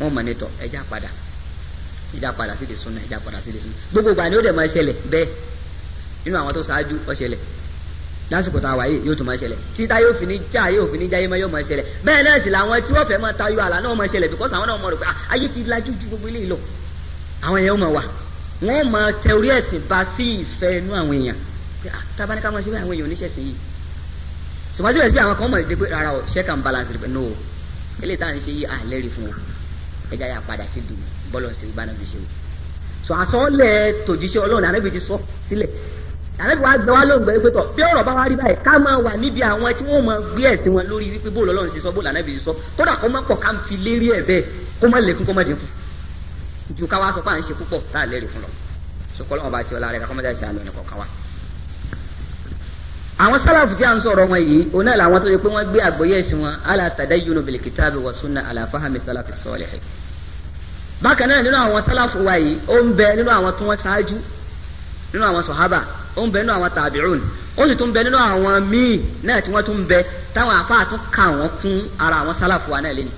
[SPEAKER 1] wọ́n mọ̀ nítọ̀ ẹja padà ẹja padà sí ìdí súnà ẹja padà sí ìdí súnà gbogbo ìgbà ni ó dẹ̀ mọ́ ẹṣẹlẹ̀ bẹ́ẹ̀ nínú àwọn tó ṣáájú ọṣẹlẹ̀ lásìkò tá a wà yìí yóò tún máa ṣẹlẹ̀ títa yóò fi ní já yóò fi ní jáyé máa yóò máa ṣẹlẹ̀ bẹ́ẹ̀ náà sì làwọn tí wọ́n fẹ́ máa tayọ àlà náà máa ṣẹlẹ̀ bíkọ́sì àwọn náà mọ̀ rẹ̀ pé ah, ayé ti lajú ju gbogbo eléyìí lọ àwọn èèyàn máa wà wọ́n máa tẹ orí ẹ̀sìn bá sí ìfẹ́ inú àwọn èèyàn pé ah, tábánikà máa ṣe bẹ́ẹ̀ àwọn èèyàn oníṣẹ́ sí yìí ṣùgbọ́n síbẹ̀ síbẹ̀ àwọn kan mọ̀ dé pé rárá o check and balance rẹ̀ no eléyìí táwọn ṣe yí àlẹ́ o ẹja yà àlejò wa gbẹ wá ló ń gbẹ pé tọ bí ọ̀rọ̀ bá wá rí báyìí ká máa wà níbi àwọn tí wọn máa gbé ẹsìn wọn lórí wípé bóòlù Ọlọ́run ṣe sọ bóòlù ànábì ṣe sọ kódà kó má pọ̀ ká ń fi lérí ẹ bẹ́ẹ̀ kó má lékún kó má dínkù ju ká wá sọ pé à ń ṣe púpọ̀ tá à lẹ́rìí fún lọ sọkọlọ ọba àti ọlá rẹ ká kọ́mọdé ṣe àlọ́ nìkan ká wá. àwọn sálàfù tí a ń sọ̀rọ̀ wọn yìí oná làwọn tó yẹ pé wọ́n gbé àgbọ́yé ẹ̀sìn wọn ala tadayyunu bil kitabi wa sunna ala fahmi sálàfù sọ́ọ̀lẹ̀. bákan náà nínú àwọn sálàfù wa yìí ó ń bẹ nínú àwọn tí ó ń bẹ nínú àwọn tàbíùn ó sì tún bẹ nínú àwọn míì náà tí wọ́n tún bẹ táwọn àfáà tún kà wọ́n kún ara àwọn sálàfù wa náà lẹ́nu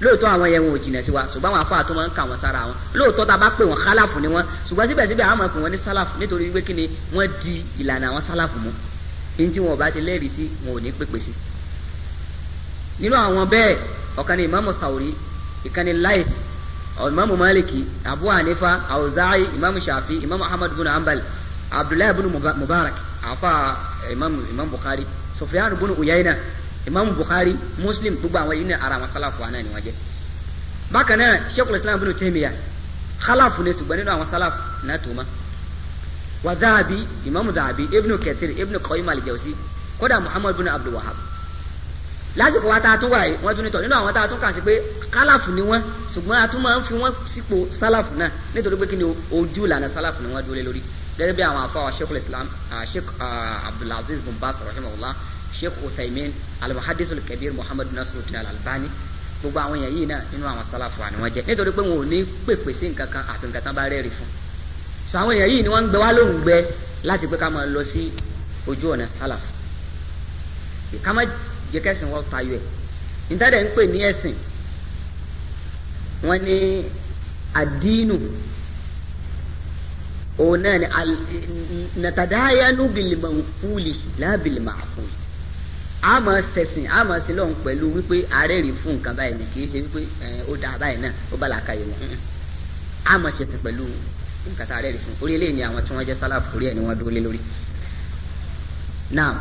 [SPEAKER 1] lóòótọ́ àwọn yẹn wọn ò jìnà sí wa ṣùgbọ́n àwọn àfáà tó máa ń kà wọ́n sára wọn lóòótọ́ tá a bá pè wọ́n kálàfù ni wọ́n ṣùgbọ́n síbẹ̀síbẹ̀ àwọn máa pè wọ́n ní sálàfù nítorí wípé kí ni wọ́n di ìlànà àwọn sálàfù mú ní tí wọn ò bá ti lẹ́rìí sí wọn ò ní pèpè sí. nínú àwọn bẹ́ẹ̀ ọ̀kan ni ìmáàmù sàwùrí ìkan ni ìmáàmù máàlìkì abu hanifa àwùzáì ìmáàmù ṣàfi ìmáàmù ahmad bin hanbal abdullahi bin mubarak afa imam imam bukhari sufyan bin uyayna imam bukhari muslim gbogbo àwọn yìí ní ara àwọn sálàfù àná ni wọ́n jẹ́ bákan náà sheikhul islam bin taymiya khalafu ne ṣùgbọ́n nínú àwọn sálàfù náà tó ma wa zahabi imam zahabi ibn kathir ibn qayyim al-jawzi kódà muhammad bin abdul wahab lásìkò wa taa tún wáyé wọn tún ní tọ nínú àwọn taa tún kà sí pé kálàfù ni wọn ṣùgbọ́n a tún máa ń fi wọn sípò sálàfù náà nítorí pé kí ni ojú ìlànà sálàfù ni wọn dúró lórí gẹ́gẹ́ bí àwọn afọ sheikh islam uh, sheikh uh, abdulaziz bin bas rahimahullah sheikh uthaymin almuhadisul kabir muhammad nasiruddin alalbani gbogbo àwọn èèyàn yìí náà nínú àwọn sálàfù àni wọn jẹ nítorí pé wọn ò ní pèpè sí nǹkan kan àfi nǹkan tán bá rẹ́ẹ̀rì fún so àwọn èèyàn yìí ni wọ́n ń gbẹ wá lóhùn gbẹ láti pé ká máa lọ sí ojú ọ̀nà sálàfù ká má jẹ́ kẹ́sìn wọ́n tayọ ẹ̀ nítorí ẹ̀ ń pè ní ẹ̀sìn wọ́n ní àdínù òun náà ni nàtàdáyánú bìlìmọ̀kúlì lábìlìmọ̀kúlì a máa ṣẹ̀sìn a máa ṣe lọ́hùn pẹ̀lú wípé àárẹ̀rì fún nǹkan báyìí ni kì í ṣe wípé ó da báyìí náà ó bá làákàyè mu a máa ṣẹ̀sìn pẹ̀lú nǹkan tá àárẹ̀rì fún orí eléyìí ni àwọn tí wọ́n jẹ́ sálàfù orí ẹ̀ ni wọ́n dúró lé lórí. now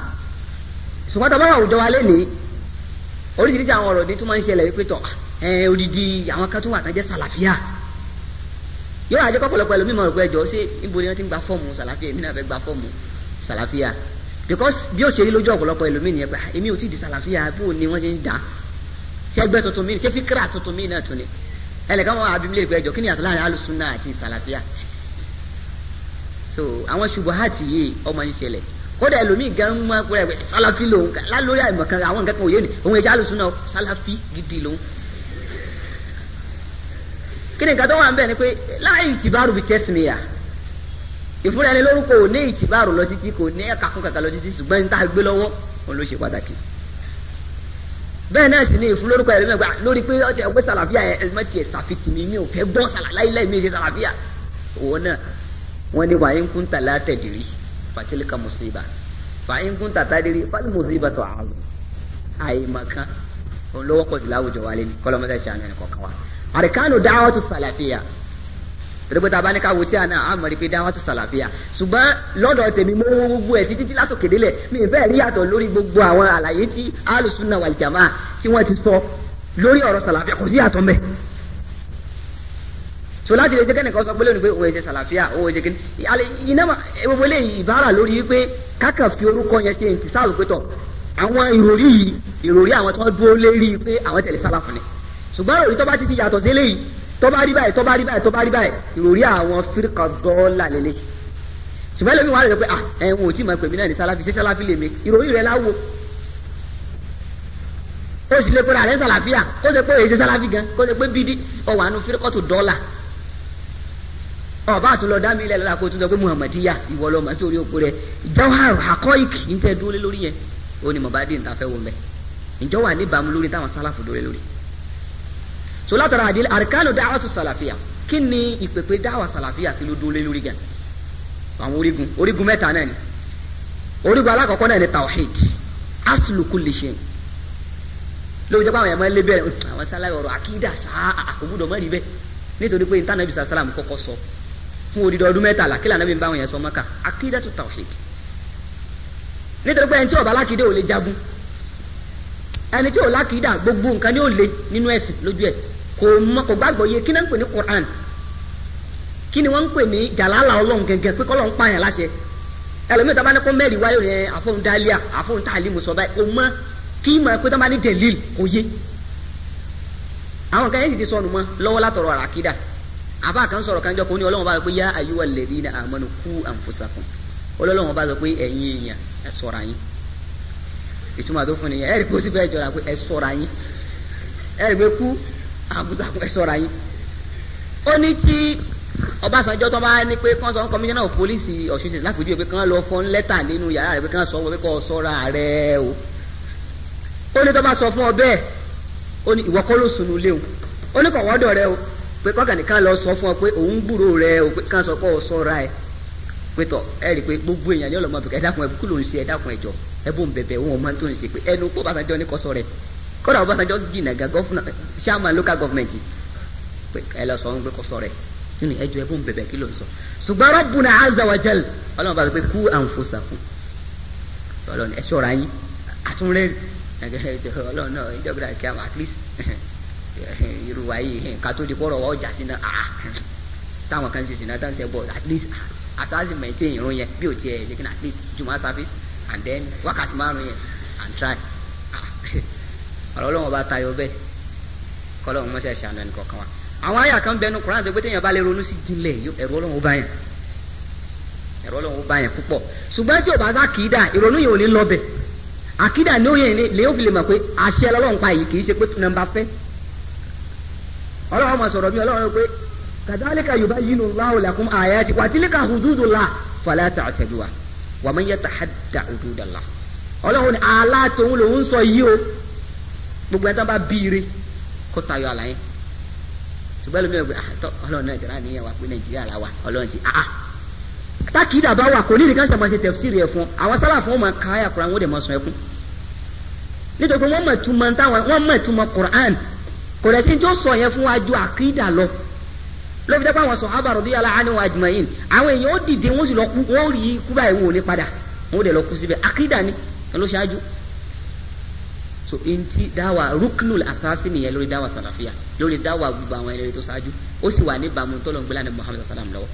[SPEAKER 1] ṣùgbọ́n tó bá wà àwùjọ wa lénìí oríṣiríṣi àwọn ọ̀rọ̀ ní tó máa ń ṣẹlẹ̀ wípé tọ̀ yóò wá jẹ́ kọ́pọ̀lọpọ̀ ẹlòmíì mọ̀ ẹ̀gbẹ́ ẹjọ́ ṣé níbo ni wọ́n ti ń gba fọ́ọ̀mù sàlàfíà èmi náà fẹ́ gba fọ́ọ̀mù sàlàfíà because bí ó ṣe rí lójú ọ̀pọ̀lọpọ̀ ẹlòmíì nìyẹn pé ah, èmi ò tí ì di sàlàfíà bó ni wọ́n ti ń dà ṣé ẹgbẹ́ tuntun mi ṣé fíkírà tuntun mi tún ni ẹlẹ́kan wọn àbí mílẹ̀ ìgbẹ́jọ́ kí ni yàtọ̀ láàrin alùsùnà àti sàlàfíà so àwọn ṣubuhati yìí ọmọ ń ṣẹlẹ̀ kódà ẹlòmíì gan ń mọ pé sàlàfí lòun lórí àìmọ̀kan àwọn nǹkan kan òye ni òun ẹja alùsùnà kí ni nǹkan tó wà ń bẹ̀ ni pé láì ìtìbárù bí tẹ́sìmìyà ìfúnra ẹni lórúkọ ò ní ìtìbárù lọ títí kò ní ẹ̀ka kún kàkà lọ títí ṣùgbọ́n ní tá a gbé lọ́wọ́ òun ló ṣe pàtàkì bẹ́ẹ̀ náà sì ni ìfúnlórúkọ ẹ̀rí mẹ́gbà lórí pé ọjà ọgbẹ́ sàlàfíà ẹ̀ ẹ̀ mẹ́tì ẹ̀ sàfitì mi mi ò fẹ́ gbọ́ sàlàláìláì mi ṣe sàlàfíà òun musiba fàá ń kún tàtà musiba tó àrùn àyè màkà òun lọ́wọ́ kọ̀ọ̀tì láwùjọ wa lé ní kọ́lọ́mọdé ṣàánú àríkánu dáwọ́tù sàlàfíà rẹ́pẹ́tà bá ní ká wo Ana, a náà á mọ̀ rí pé dáwọ́tù sàlàfíà ṣùgbọ́n lọ́dọ̀ tèmi mo wo gbogbo ẹ̀ sí títí látòkè délẹ̀ mi ì fẹ́ẹ̀ rí yàtọ̀ lórí gbogbo àwọn àlàyé tí alùsùnà wàlìjàmá tí wọ́n ti sọ lórí ọ̀rọ̀ sàlàfíà kò sí yàtọ̀ mẹ́. so láti lè jẹ́ kẹ́nìkan sọ pé lónìí pé òwe ṣe sàlàfíà òwe ṣe kìnnì ìnáwó gbogbo eléyìí ìbára lórí wípé kákan fi orúkọ yẹn ṣe ìtìsáàlù pé tọ̀ àwọn ìròrí yìí ìròrí àwọn tó dúró lérí pé àwọn tẹ̀lé sálàfù ni ṣùgbọ́n ìròrí tó bá ti ti yàtọ̀ sí eléyìí tó bá rí báyìí tó bá rí báyìí tó bá rí báyìí ìròrí àwọn fírkà dọ́là lélẹ̀ ṣùgbọ́n lẹ́mi wà lẹ́sẹ̀ pé ah ẹ̀wọ̀n ò tí mọ̀ pèmí náà ní sálàfí ṣé sálàfí lè mi ìròrí rẹ̀ láwo ó sì lè pe ààrẹ sàlàfíà kó ṣe pé èyí sálàfí gan kó ṣe pé bídí ọwọ́ àánú fírkọ́tù dọ́là ọba àtúntò dá mi ilẹ̀ lọ́la kó tún sọ pé muhammadiya ìwọ lọ́mọ nítorí òkú rẹ̀ jawhar hakoik ní tẹ́ dúró lórí yẹn ó ní mọ̀bádìí ní ta fẹ́ wọ ìjọ wà níbàámu lórí táwọn sálàfù dúró lórí so látara àdìlẹ àríkàlù dáwà tó sàlàfíà kí ni ìpèpè dáwà sàlàfíà kí ló dúró lé lórí gan àwọn orígun orígun mẹ́ta náà ni orígun alákọ̀ọ́kọ́ náà ni tawhid aslu kulli shay lóbi jẹ́pọ̀ àwọn èèyàn máa ń lé bẹ́ẹ̀ àwọn sáláyà ọ̀rọ̀ akida sáà àkóbùdọ̀ mọ́ rí bẹ́ẹ̀ nítorí pé ntànàbí sàlám kọ́kọ́ sọ fún odidi ọdún mẹ́tàlá kí lànàbí ń bá àwọn èèyàn sọ mọ́ka àkídà tó tawhid nítorí pé ẹni tí ó ò lè jagun ẹni tí ò gbogbo nǹkan ni ó le nínú ẹ̀sìn lójú ẹ̀sìn kò mọ kò gbàgbọ́ yé kí ni wọ́n ń pè ní Quran kí ni wọ́n ń pè ní jàlálà ọlọ́run gẹ̀gẹ̀ pé kọ́lọ́run pààyàn láṣẹ ẹlòmíì tábà ní kó mẹ́rin wáyé yẹn àfọ̀hún dálíà àfọ̀hún tàlímù sọ báyìí kò mọ kí mọ̀ pé tábà ní dẹ̀líl kò yé àwọn kan yẹn sì ti sọnù mọ́ lọ́wọ́ látọ̀rọ̀ àràkídà àbá kan sọ̀rọ̀ kan jọ kó ní ọlọ́run bá sọ pé yá àyíwá lẹ́dí ní àmọ́nù kú àǹfọ̀sàkùn ọlọ́run bá sọ pé ẹ̀yin èèyàn ẹ ṣọ́ra yín ìtumọ̀ tó fún nìyẹn ẹ̀rí pé ó jọra pé ẹ ṣọ́ra yín ẹ̀rí pé kú àǹfùsàfù ẹ sọ̀rọ̀ yín ó ní tí Ọbásanjọ́ tó bá ní pé kán sọ ń kọmíṣánná ò pólísì Ọ̀ṣun ṣe lápèjúwe pé kán lọ fún lẹ́tà nínú yàrá rẹ̀ pé kán sọ wọ́n pé kán sọ́ra rẹ̀ o ó ní tó bá sọ fún ọ bẹ́ẹ̀ ó ní ìwọ kọ́ ló sùnú lé o ó ní kàn wọ́dọ̀ rẹ o pé kọ́kà nìkan lọ sọ fún ọ pé òun gbúrò rẹ o pé kán sọ pé ọ sọ́ra ẹ̀ pé tọ ẹ rí i pé gbogbo èèyàn ní ọlọmọ bìkẹ́ ẹ̀dákun ẹ̀bùkú ló ń ṣe ẹ̀dákun ẹ̀jọ ẹ̀bùn bẹ̀bẹ̀ òun ọmọ tó ń ṣe pé ẹnu pọ̀ kódà Ọbásanjọ́ jìnnà gan gọ́fúnà chairman local government pé ẹ lọ sọ wọn pé kò sọ rẹ nínú ẹjọ ẹ bó ń bẹ̀bẹ̀ kí ló ń sọ ṣùgbọ́n Rabbuna azza wa jal ọlọ́run bá sọ pé kú anfusakum ọlọ́run ẹ ṣọ́ra yín àtúnrẹ́ ọlọ́run náà ẹjọ́ gbọ́dọ̀ kí àwọn at least *laughs* irú wa yìí ká tó di kọ́rọ̀ wa ọjà sí náà ah, táwọn kan ṣe sìnà dáńsẹ̀ bọ̀ at least ah, asaasi maintain irun yẹn bí o tiẹ̀ at least juma service and then wákàtí márùn yẹn and try. Ah, *laughs* ọ̀rọ̀ ọlọ́run ọba tayọ bẹ́ẹ̀ kọ́lọ́run mọ́ṣẹ́ ṣàánú ẹnì kọ̀ọ̀kan wa àwọn àyà kan bẹnu Kùránì pé téèyàn bá lè ronú sí jinlẹ̀ ẹ̀rọ ọlọ́run ó bá yẹn ẹ̀rọ ọlọ́run ó bá yẹn púpọ̀ ṣùgbọ́n tí ò bá sá kìídà ìrònú yẹn ò ní lọ bẹ̀ àkídà ní òye ni lèyìn òfin lè mọ̀ pé àṣẹ ọlọ́run pa yìí kì í ṣe pé nọ́mbà fẹ́ ọlọ́run mọ̀ sọ̀rọ̀ bí ọlọ́run pé kàdálíkà yubayyinu Allahu lakum ayati wa gbogbo ẹni tó bá bí ire kó tayọ àlà yẹn ṣùgbọ́n ẹlòmíì ọgbẹ́ àtọ́ ah, ọlọ́run náà jẹ́ra níyàwó pé nàìjíríà là wà ọlọ́run ti àá ah, tákìdá bá wà kò ní ìdíkan ṣe máa ṣe tẹ̀síìrì ẹ̀ fún àwọn sálà fún ọmọ káyà kura wọn ò dẹ̀ máa sun ẹkún nítorí pé wọ́n mọ̀ ìtumọ̀ táwọn wọ́n mọ̀ ìtumọ̀ Quran kò lẹ́sí tí ó sọ yẹn fún wa ju àkìdá lọ ló fi dẹ́ pé àwọn sọ̀hábà radiyallahu anhu ajma'in àwọn èèyàn ó dìde wọ́n sì lọ kú wọ́n rí ikú báyìí ní padà wọ́n ò dẹ̀ lọ kú síbẹ̀ àkìdá ni ló ṣáájú so enti dáwà ruknul asasi nìyẹn lórí dáwà sàlàfíà lórí dáwà gbogbo àwọn ẹlẹ́rìí tó ṣáájú ó sì wà ní bàmú tó lọ́n gbẹ́lá ní muhammed sallam lọ́wọ́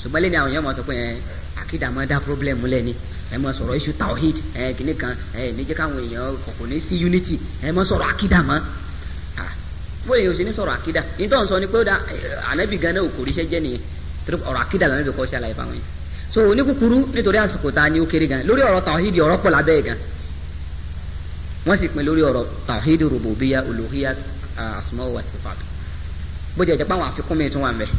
[SPEAKER 1] ṣùgbọ́n lẹ́ni àwọn èèyàn máa sọ pé ẹ akídà máa dá problem lẹ́ni ẹ máa sọ̀rọ̀ iṣu tawhid ẹ kìnnì kan ẹ níjẹ́ káwọn èèyàn kọ̀kọ̀ ní sí unity ẹ máa sọ̀rọ̀ akídà mọ́ fún èèyàn sì ní sọ̀rọ̀ akídà nítorí sọ ni pé ànábì gan náà kò ríṣẹ́ jẹ́ nìyẹn torí ọ̀rọ̀ akídà làwọn ẹ̀dùn kọ́ ṣe àlàyé fáwọn yẹn so oníkúkúrú nítorí àsìkò ta ni ó kéré gan lórí ọ̀rọ̀ tawhid ọ̀rọ̀ pọ̀ lábẹ́ gan wọ́n sì pín lórí ọ̀rọ̀ tawhid rububiya uluhiya asma wa sifat bó jẹ́ jẹ́ pé àwọn àfikún mi tún wà ń bẹ̀.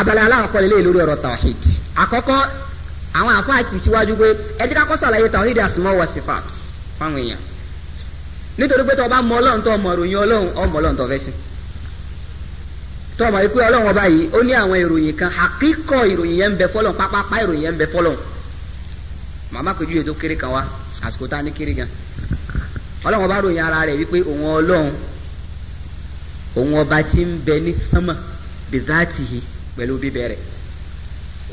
[SPEAKER 2] abala aláwọ̀kọ́ lè lórí ọ̀rọ̀
[SPEAKER 1] tawhid àkọ́kọ́ àwọn àfáà ti síwájú pé ẹdí kakọ́ sàlàyé tawhid asma wa sifat fáwọn èèyàn nítorí pé tó o bá mọ ọlọ́run tó o mọ ìròyìn ọlọ́run ọ mọ ọlọ́run tó o fẹ́ sìn tó o mọ̀ wípé ọlọ́run ọba yìí ó ní àwọn ìròyìn kan àkíkọ́ ìròyìn yẹn ń bẹ fọlọ́n pápápá ìròyìn yẹn ń bẹ fọlọ́n màmá kojú yẹn tó kéré kan wá àsìkò tá a ní kiri gan ọlọ́run ọba ròyìn ara rẹ̀ wípé òun ọlọ́run òun ọba tí ń bẹ ní sánmà bizaati yìí pẹ̀lú bíbẹ rẹ̀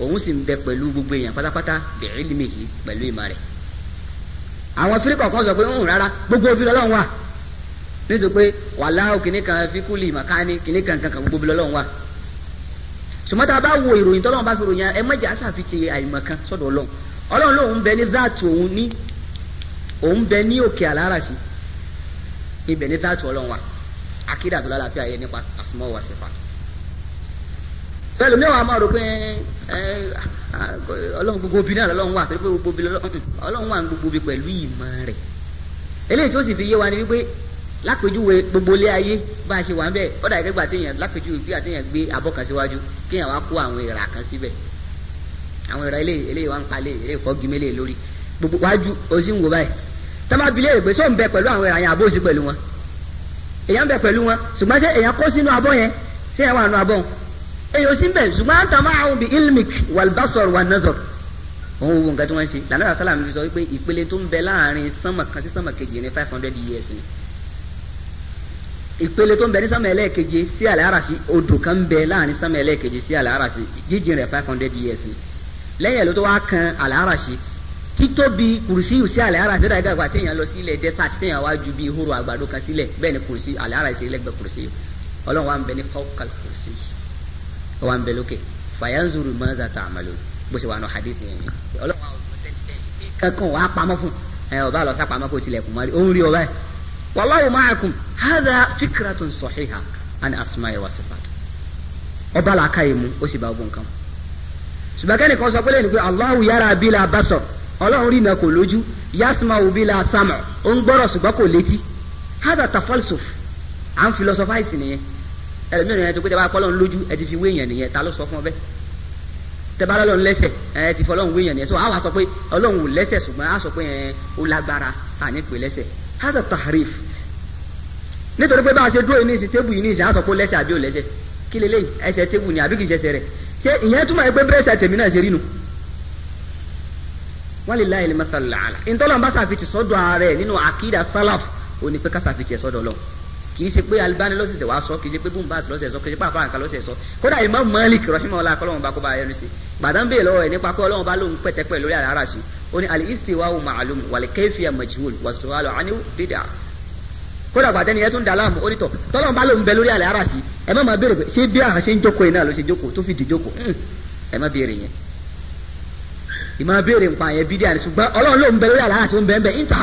[SPEAKER 1] òun sì ń bẹ pẹ̀lú gbogbo èèyàn pátápátá bi ilmihi pẹ̀lú ìmọ̀ rẹ̀ àwọn fíríkọ̀ kan sọ pé ń rárá gbogbo ibi lọ́lọ́run wà nítorí pé wàláhù kìnnì kan fíkúlì màkání kìnnì kan kankan gbogbo ibi lọ́lọ́run wà sùmọ́tà bá wo ìròyìn tọ́lọ́run bá fi ròyìn ẹ òun bẹ ní òkè alárasì ibẹ̀ ní dáàtú ọlọ́run wa akídà tó lálàáfíà yẹ nípa àsùnmọ́ wa ṣẹ̀fà. sọ́yìn mẹ́wàá máa rò pé ọlọ́run gbogbo bi náà lọ́lọ́run wà pẹ̀lú pé gbogbo bi ọlọ́run wà ń gbogbo bi pẹ̀lú ìmọ̀ rẹ̀ eléyìí tó sì fi yé wa ni wípé lápèjúwe gbogbo ilé ayé bá a ṣe wà ń bẹ̀ ọ̀dà ìgbẹ́gbà téèyàn lápèjúwe bí àtẹ̀yàn gbé abọ́ kan síwájú kéèyàn wá kó àwọn ìrà kan síbẹ̀ àwọn ìrà eléyìí eléyìí wá ń palẹ̀ eléyìí fọ́ gímélé lórí gbogbo wájú o sì ń wò báyìí tọ́ba bilé rè pé sóun bẹ pẹ̀lú àwọn èèyàn àbóòsí pẹ̀lú wọn èèyàn bẹ pẹ̀lú wọn ṣùgbọ́n ṣé èèyàn kó sínú abọ́ yẹn ṣé èèyàn wà nù abọ́ èèyàn sì ń bẹ̀ ṣùgbọ́n àtàwọn àwọn bíi ilmic walbasor wanazor òun wo nǹkan tí wọ́n ń ṣe lànà àtàlà mi fi sọ wípé ìpele tó ń bẹ láàrin sánmà kan sí sánmà kejì ní five hundred years ni ìpele tó ń bẹ ní sánmà ẹlẹ́ẹ̀keje sí àlẹ́ àràsí odò kan ń bẹ láàrin sánmà ẹlẹ́ẹ̀keje sí àlẹ́ àràsí jíjìn rẹ̀ five hundred years ni lẹ́yìn ẹ̀ ló tó wá kan àlẹ́ àràsí títóbi kùrùsí yìí sí àlẹ́ ara àjọdá ẹ̀dá àgbà téèyàn lọ sí ilẹ̀ desert téèyàn wá ju bí ihoro àgbàdo kan sílẹ̀ bẹ́ẹ̀ ni kùrùsí àlẹ́ ara ìṣe lẹ́gbẹ̀ẹ́ kùrùsí yìí ọlọ́run wa ń bẹ ní fọ́ọ̀kàl kùrùsí yìí ó wà ń bẹ lókè fàyànzuru mọ́nsá tá a malo bó ṣe wà nù hadith yẹn ni ọlọ́run wa kankan wà á pamọ́ fún ẹ ọba lọ sápamọ́ kó tilẹ̀kùn mọ́rí ó ń rí ọba yìí wallahu ọlọ́run rí iná lójú yasma obila samọ ó ń gbọ́rọ̀ ṣùgbọ́n kò létí hada tafalsof, à ń philosophize nìyẹn ẹlòmíràn yẹn tó pé tẹ bá kọ́ lọ́run lójú ẹ ti fi wéèyàn nìyẹn ta ló sọ fún ọ bẹ́ẹ̀ tẹ bá lọ́run lẹ́sẹ̀ ẹ ti fi ọlọ́run wéèyàn nìyẹn so àwa sọ pé ọlọ́run ò lẹ́sẹ̀ ṣùgbọ́n a pé ẹ ó lágbára à ní pè lẹ́sẹ̀ hada tahrif nítorí pé bá a ṣe dúró ní ìsìn tébù yìí ní ìsìn a sọ ni àbí kì í ṣẹsẹ̀ walilayi ni masala ala ntọ́lọ́n bá sàfitì sọ́dọ̀ ààrẹ nínú akida salaf òní pé ká sàfitì ẹ̀ sọ́dọ̀ lọ kì í ṣe pé Albani lọ́sẹ̀ wá sọ kì í ṣe pé bumbas lọ́sẹ̀ sọ kì í ṣe pé àfa nǹkan lọ́sẹ̀ sọ kódà Imam Malik rahimahullah kọ́lọ́wọ́n bá kó bá yẹnu sí gbàdán bèè lọ́wọ́ ẹ̀ nípa pé Ọlọ́run bá lóun pẹ̀tẹ́pẹ̀ lórí àrà sí ó ní al-istiwa ma'lum wal kayfiya majhul was-su'alu anhu bid'ah kódà gbàdé ni ẹ tún dàlá àmú onítọ tọlọ́run bá lóun bẹ lórí àlẹ ara sí ẹ má máa béèrè pé ṣé bí àhàn ṣe ń jókòó yìí náà ló ṣe jókòó tó fi dì jókòó ẹ má béèrè ìmọ̀ béèrè nǹkan àyẹ̀ bídí àrẹ ṣùgbọ́n ọlọ́run ló ń bẹ lórí àlàyé àti òǹbẹ̀ ń bẹ níta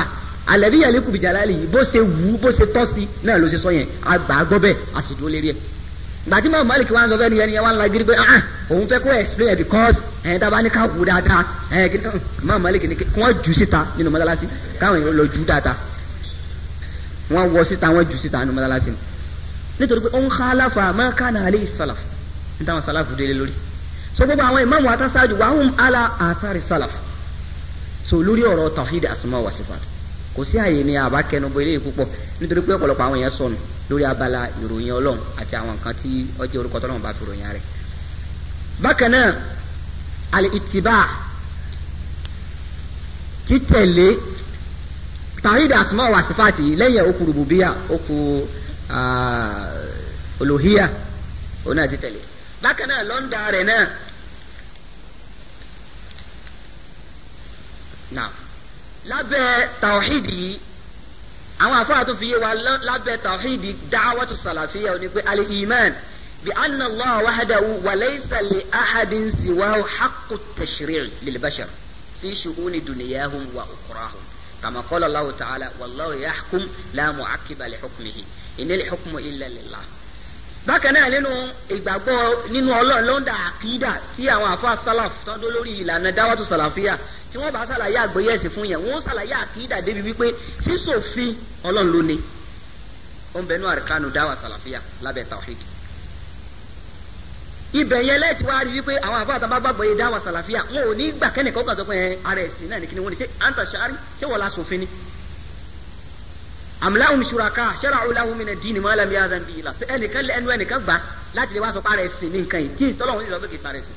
[SPEAKER 1] àlẹ́bí yẹn lẹ́kùn bìjà láàlì yìí bó ṣe wù ú bó ṣe tọ́ sí náà ló ṣe sọ yẹn àgbà gbọ́ bẹ́ẹ̀ a sì dúró lérí ẹ̀. ìgbà tí mọ̀mọ́ àlìkí wa ń sọ fẹ́ nìyẹn wá ń la gírí pé ah òun fẹ́ kó explain ẹ̀ because ẹ̀ dábàá ní ká wù dáadáa ẹ̀ kí mọ̀mọ́ àlìkí ni kí wọ́n jù síta nínú mọ́tálásí káwọn èèyàn lọ jù dáadáa wọ́n wọ síta wọ́n jù síta nínú mọ́tálásí nítorí pé ó ń so gbogbo àwọn ìmáàmù àtàṣáájú wàhùn ala àtàrí sálàf so lórí ọ̀rọ̀ tawhid asma wa sifat kò sí àyè ní àbá kẹnu bọ eléyìí púpọ̀ nítorí pé ọ̀pọ̀lọpọ̀ àwọn èèyàn sọnù lórí abala ìròyìn ọlọ́run àti àwọn nǹkan tí ọjọ́ orúkọ tọ́lọ́run bá fi ròyìn rẹ̀. bákan náà àlè ìtìbá títẹ̀lé tawhid asma wa sifat yìí lẹ́yìn okù rububiya okù olohiya ah, òun náà títẹ̀lé bákan náà lọ́ndà rẹ̀ náà náà lábẹ́ tàwíìdì yìí àwọn àfáà tó fi yé wa lábẹ́ tàwíìdì dáwàtú sàlàfíà ò ní pé alẹ́ iman bí anna allah wahadahu walaysa li ahadin siwahu haqqu tashri'i lil bashar fi shu'uni duniyahum wa ukurahum kama qala allah ta'ala wallahu yahkum la mu'aqqiba li hukmihi inil hukmu illa lillah. bákan náà nínú ìgbàgbọ́ nínú ọlọ́run lọ́ndà àkídà tí àwọn àfa salaf tọ́dún lórí ìlànà dáwàtú sàlàfíà tí wọ́n bá ṣàlàyé àgbọ́yé ẹ̀sìn fún yẹn wọ́n ṣàlàyé àkídà débi wípé sísòfin ọlọ́run ló ní ó ń bẹ nú àríkánu dáwà sàlàfíà lábẹ́ tawhid ibẹ̀ yẹn lẹ́ẹ̀tì wá rí wípé àwọn àfa àtàwọn bá gbọ́yé dáwà sàlàfíà wọn ò ní gbà ni am lahum shuraka shara'u lahum min ad-din ma lam ya'zan bihi la ẹnìkan lé ẹnu ẹnìkan gbà láti lè wá sọ pàrọ̀ ẹ̀sìn ní nǹkan yìí tí tọ́lọ́hún sì sọ pé kì í sáré sí.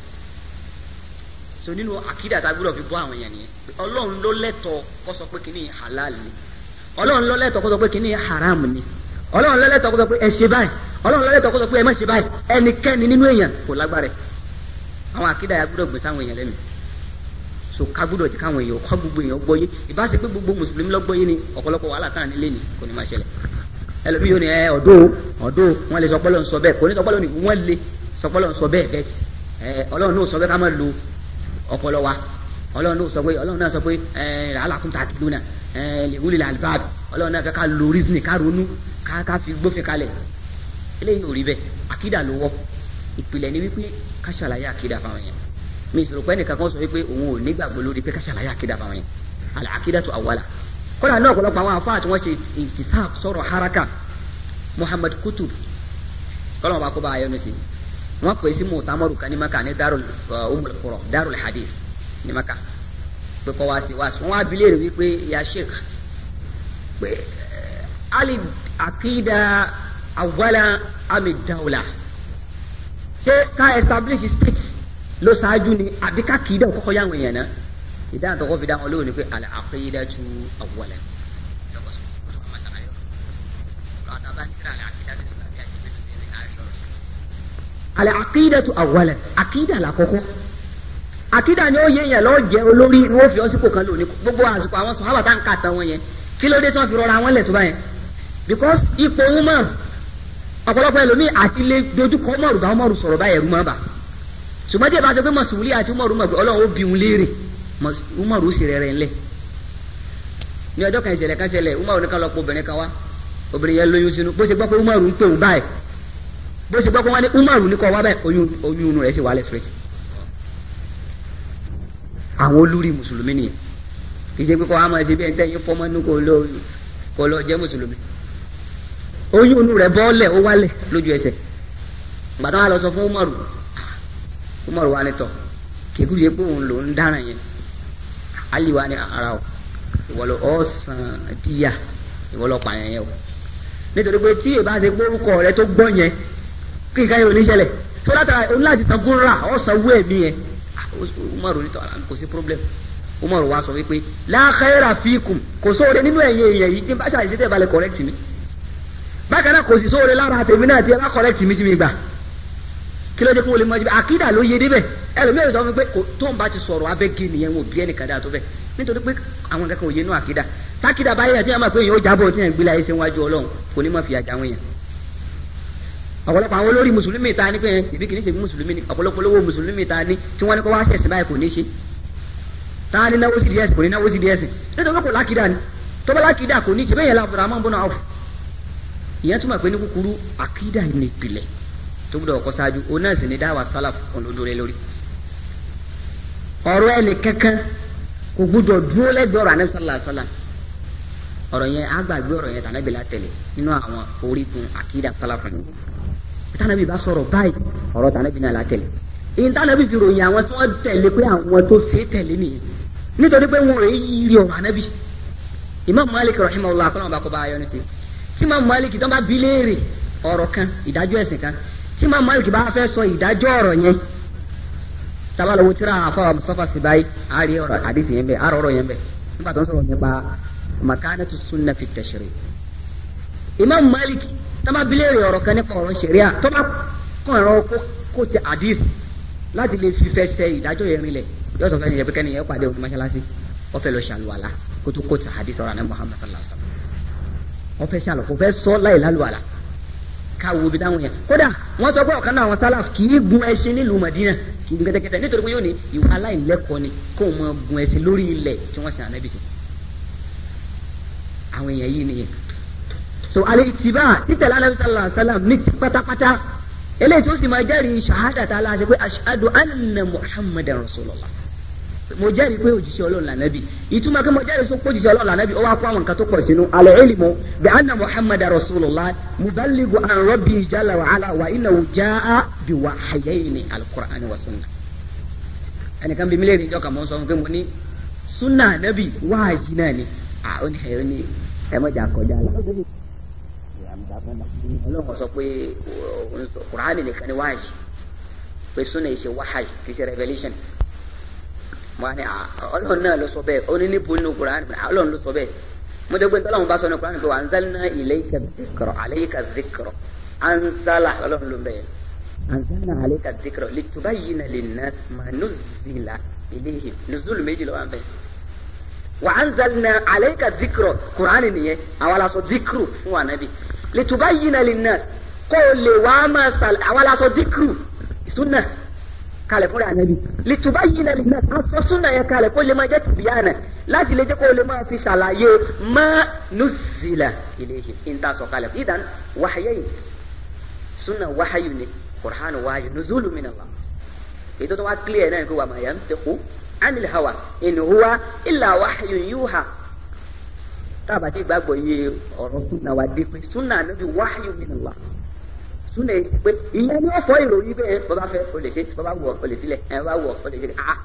[SPEAKER 1] so nínú àkídà tá a fi bọ́ àwọn èèyàn nìyẹn ọlọ́run ló lẹ́tọ̀ọ́ kó sọ pé kínní halal ni ọlọ́run ló lẹ́tọ̀ọ́ kó sọ pé kínní haram ni ọlọ́run ló lẹ́tọ̀ọ́ kó sọ pé ẹ ṣe báyìí ọlọ́run ló lẹ́tọ̀ọ́ kó sọ pé ẹ má ṣe báyìí ẹnikẹ́ni nínú èèyàn kò lágbára àwọn àkídà yà gbúdọ̀ gbèsè àwọn èèyàn lẹ́nu so ká gbúdọ̀ jẹ́ káwọn èèyàn kọ́ gbogbo èèyàn gbọ́yé ìbáṣe pé gbogbo mùsùlùmí lọ gbọ́yé ni ọ̀pọ̀lọpọ̀ wàhálà tá à ní lé ní kò ní máa ṣẹlẹ̀ ẹlòmíì yóò ní ẹ ọ̀dọ́ ọ̀dọ́ wọn lè sọpọ́ lọ́n sọ bẹ́ẹ̀ kò ní sọpọ́ lọ́n ní wọ́n lè sọpọ́ lọ́n sọ bẹ́ẹ̀ bẹ́ẹ̀ ẹ ọlọ́run náà sọ bẹ́ẹ̀ ká má lo ọpọlọ wa ọlọ́run náà sọ pé ọlọ́run náà sọ pé ẹ làálàkùn tà kìlú náà ẹ lèwúlè làlbáàbì mi sọ̀rọ̀ pé ẹnìkan kan sọ wípé òun ò nígbàgbọ́ lórí pé ká ṣàlàyé àkídà fáwọn yẹn àlà àkídà tó àwàlà kọ́dà náà ọ̀pọ̀lọpọ̀ àwọn afáà tí wọ́n ṣe ìtìsáàf sọ̀rọ̀ haraka Muhammad Kutub kọ́lọ́mọ̀ bá kó bá ayọ́nu sí wọ́n pè sí mùtàmọ́rù kan ní maka ní darul umul uh, qura darul hadith ní maka pé kọ́ wá sí wá sí wọ́n wá bilé rẹ̀ wípé ya sheikh pé eh, ali àkídà àwàlà amid dawla ṣé ká establish state lo ṣáájú ni àbí ká kì í dẹ̀ kọ́kọ́ yáwọn èèyàn náà ìdáhùn tó kọ́ fi dáhùn lóhùn ni pé àlẹ́ àkéyídá tu àwọ̀lẹ̀. àlẹ́ àkéyídá tu àwọ̀lẹ̀ àkéyídá là kọ́kọ́ àkéyídá ni ó yẹ yẹn lọ́ọ́ jẹ́ olórí ni wọ́n fi ọ́ sípò kan lónìí gbogbo àsìkò àwọn sọ̀hábà tá à ń kà tán wọn yẹn kí ló dé tí wọ́n fi rọra wọn lẹ̀ tó báyẹn because ipò wọn mọ̀ ọ̀pọ̀lọpọ̀ ẹlòmíì àti lè dojúkọ ọmọrùbá ọmọrù sọ̀rọ̀ báyẹn rú mọ́ bàá ṣùgbọ́n tí ẹ bá sọ pé mọ̀sùlùmí àti umaru mọ̀ pé ọlọ́run ó bí òun léèrè umaru sì rẹ̀ rẹ̀ ńlẹ̀ ní ọjọ́ kan ìṣẹ̀lẹ̀ kan ṣẹlẹ̀ umaru nìkan lọ pọ̀ obìnrin kan wá obìnrin yẹn lóyún sínú bó ṣe gbọ́ pé umaru ń pè òun báyìí bó ṣe gbọ́ pé wọ́n ní umaru ní kọ́ wá báyìí oyún inú rẹ̀ ṣe wàhálẹ̀ straight àwọn olórí mùsùlùmí nìyẹn kì í ṣe pé kọ́ àmọ́ ẹ̀ṣẹ̀ bí ẹ̀ ń tẹ́yìn fọ́mọ́ inú Umar wa ni tọ kìkú yẹ pé òun lòún dáràn yẹn Ali wa ni ara o ìwọlọ ọsàn díyà ìwọlọ pààyàn yẹn o nítorí pé tí ìbá ṣe gbórúkọ rẹ tó gbọ́ yẹn kí nǹkan yẹn ò ní ṣẹlẹ̀ tó látara òun láti san gúnra ọsàn owó ẹ̀mí Umar ní tọ kò sí problem Umar wa sọ wípé la khaira fikum kò sóore nínú ẹ̀yìn èèyàn yìí tí n bá ṣàlàyé tẹ̀ balẹ̀ correct mi bákan náà kò sí sóore lára tèmi náà tí ẹ correct mi sí mi gbà kí ló dé kí wọ́n lè mọ ibi àkídà ló yé débẹ̀ ẹlòmíràn sọ fún mi pé tóun bá ti sọ̀rọ̀ abẹ́gẹ́ nìyẹn wọn ò bí ẹnìkan dáa tó bẹ́ẹ̀ nítorí pé àwọn kankan ò yé inú àkídà tákìdá báyìí àti àmà pé èèyàn ó jábọ̀ tí yẹn gbé láyé ṣe wájú ọlọ́run kò ní mọ̀ fìyà jà wọ́n yẹn ọ̀pọ̀lọpọ̀ àwọn olórí mùsùlùmí ta ni pé ìbí kìíní ṣe mùsùlùmí ni ọ̀pọ̀lọpọ̀ olówó mùsùlùmí ta ni tí wọ́n ní kó wá ṣẹ̀sìn báyìí kò ní ṣe ta ni náwó sí díẹ̀ kò ní náwó sí díẹ̀ sìn nítorí kò lákìdá ni tó bá lákìdá kò ní ṣe bẹ́ẹ̀ yẹn lábùrà máa ń bọ́nà ọ̀f ìyẹn túmọ̀ pé ní ni ìpìlẹ̀ tó gbọ́dọ̀ kọ́ ṣáájú òun náà sì ní dáwà sálà fún olódóore lórí. ọ̀rọ̀ ẹnì kankan kò gbọ́dọ̀ dúró lẹ́gbẹ̀ẹ́ ọ̀rọ̀ anabi sálà sálà ọ̀rọ̀ yẹn agbàgbé ọ̀rọ̀ yẹn tànàbí látẹ̀lẹ̀ nínú àwọn orígun àkídà sálà fún mi. tànàbí bá sọ̀rọ̀ báyìí ọ̀rọ̀ tànàbí náà látẹ̀lẹ̀ ìyẹn tànàbí fi ròyìn àwọn tí wọ́n tẹ̀lé pé àwọn tó ṣe tẹ̀lé nìyẹn nítorí pé wọn rèé yiri ọ̀rọ̀ ànábì Imam Malik rahimahullah akọ́nà ọba kọba ayọ́nisẹ́ tí Imam Malik tó bá bi léèrè ọ̀rọ̀ kan ìdájọ́ ẹ̀sìn kan tí màmá Malik bá fẹ́ sọ ìdájọ́ ọ̀rọ̀ yẹn tàbá lọ wo tíra àfọwọ́ Mustafa Sibai àárí ọ̀rọ̀ àdìsí yẹn bẹ àárọ̀ ọ̀rọ̀ yẹn bẹ nígbà tó ń sọ̀rọ̀ nípa makanatu sunna fi tashri' Imam Malik tàbá bilẹ̀rẹ̀ ọ̀rọ̀ kan nípa ọ̀rọ̀ ṣẹ̀ríà tó bá kàn ẹ̀rọ kó ti àdìsí láti lè fi fẹ́ sẹ ìdájọ́ yẹn rinlẹ̀ yóò sọ fẹ́ nìyẹn pé kẹ́ni yẹn ká wo ibi táwọn yẹn kódà wọ́n sọ pé ọ̀kan náà àwọn sálàf kì í gun ẹṣin nílùú Madina kì í gun kẹ́tẹ́kẹ́tẹ́ nítorí pé yóò ní ìwà aláìlẹ́kọ̀ọ́ ni kó o máa gun ẹṣin lórí ilẹ̀ tí wọ́n sin ànábì sí àwọn èèyàn yìí nìyẹn so alẹ́ ìtìbá títẹ̀lé ànábì sallallahu alaihi wasallam ní ti pátápátá eléyìí tó sì máa jẹ́rìí ṣahada tá a la ṣe pé ashhadu anna Muhammadan rasulullah mo jẹ́rìí pé òjíṣẹ́ ọlọ́run lànàbì ìtumọ̀ kí mo jẹ́rìí sọ pé òjíṣẹ́ ọlọ́run lànàbì ó wá kó àwọn nǹkan tó pọ̀ sínú alẹ́ ìlìmọ̀ bí anna muhammad rasulillah mubaligu an rabbi jala wa ala wa inna wu jaa bi wa hayayni alukur'ani wa sunna. ẹnìkan bí mílíọ̀nù ìjọ kan mọ̀ sọ pé mo ní sunna anabi wáàyí náà ni à ó ní ẹ̀yọ́ ní ẹ̀mọ́jà kọjá la. ọlọ́run sọ pé kur'ani nìkan ni wáàyí pé sunna yìí ṣe wáhàyí kì í ṣe revolution wọ́n á ní ọlọ́run náà ló sọ bẹ́ẹ̀ ó ní níbo nínú kuraani ọlọ́run ló sọ bẹ́ẹ̀ mo jẹ́ pé tọ́lọ́run bá sọ ní kuraani pé wà anzalna ilayka dhikra alayka dhikra anzala ọlọ́run ló ń bẹ̀yẹ anzalna alayka dhikra litubayyina linnas ma nuzzila ilayhim nuzul méjì ló wà ń bẹ̀ wà anzalna alayka dhikra kuraani nìyẹn àwa la sọ dhikru fún wa nàbì litubayyina linnas kó o lè wàá máa sàlẹ̀ àwa la sọ dhikru sunna kalẹ̀ fúnra ànábì lìtùbá yìí náà lìnà aṣọ súnà yẹn kalẹ̀ kó lè máa jẹ́ tìbíyànà láti lè jẹ́ kó lè máa fi ṣàlàyé má nùsìlà ilayhi níta sọ kalẹ̀ ìdán wáhayẹ́yìn súnà wáhayù ni kùrán wáhayù nùzúlù min Allah ètò tó wá kílíẹ̀ náà kó wà máa yà ń tẹ̀kú ánìl hawa in huwa illa wáhayù yuha tábàtì gbàgbọ́ yé ọ̀rọ̀ súnà wà dé pé súnà ànábì wáhayù min súnà yìí pé ìyẹn ni ó sọ ìròyìn bẹ́ẹ̀ bọ́bá fẹ́ o lè ṣe bọ́bá wù ọ́ o lè filẹ̀ ẹ̀ bá wù ọ́ o lè ṣe ah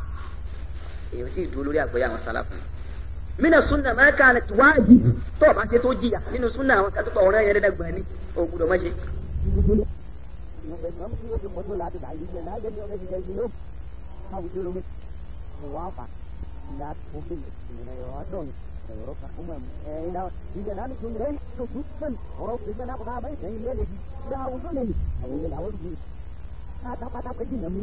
[SPEAKER 1] èyí sì dúró lórí àgbẹ̀yà àwọn sálàfù mina sunna ma kana tuwaji tó bá ṣe tó jìyà nínú sunna àwọn kátó ọ̀rẹ́ yẹn dẹ́gbẹ̀ẹ́ ni o gbọ́dọ̀ má ṣe. Europa, um, äh, in der, in der Landesumrecht zu schützen, Europa ist ein Abgabe, in der Landesumrecht da hausa ne a wani da hausa ne ta ta ta kaji na mu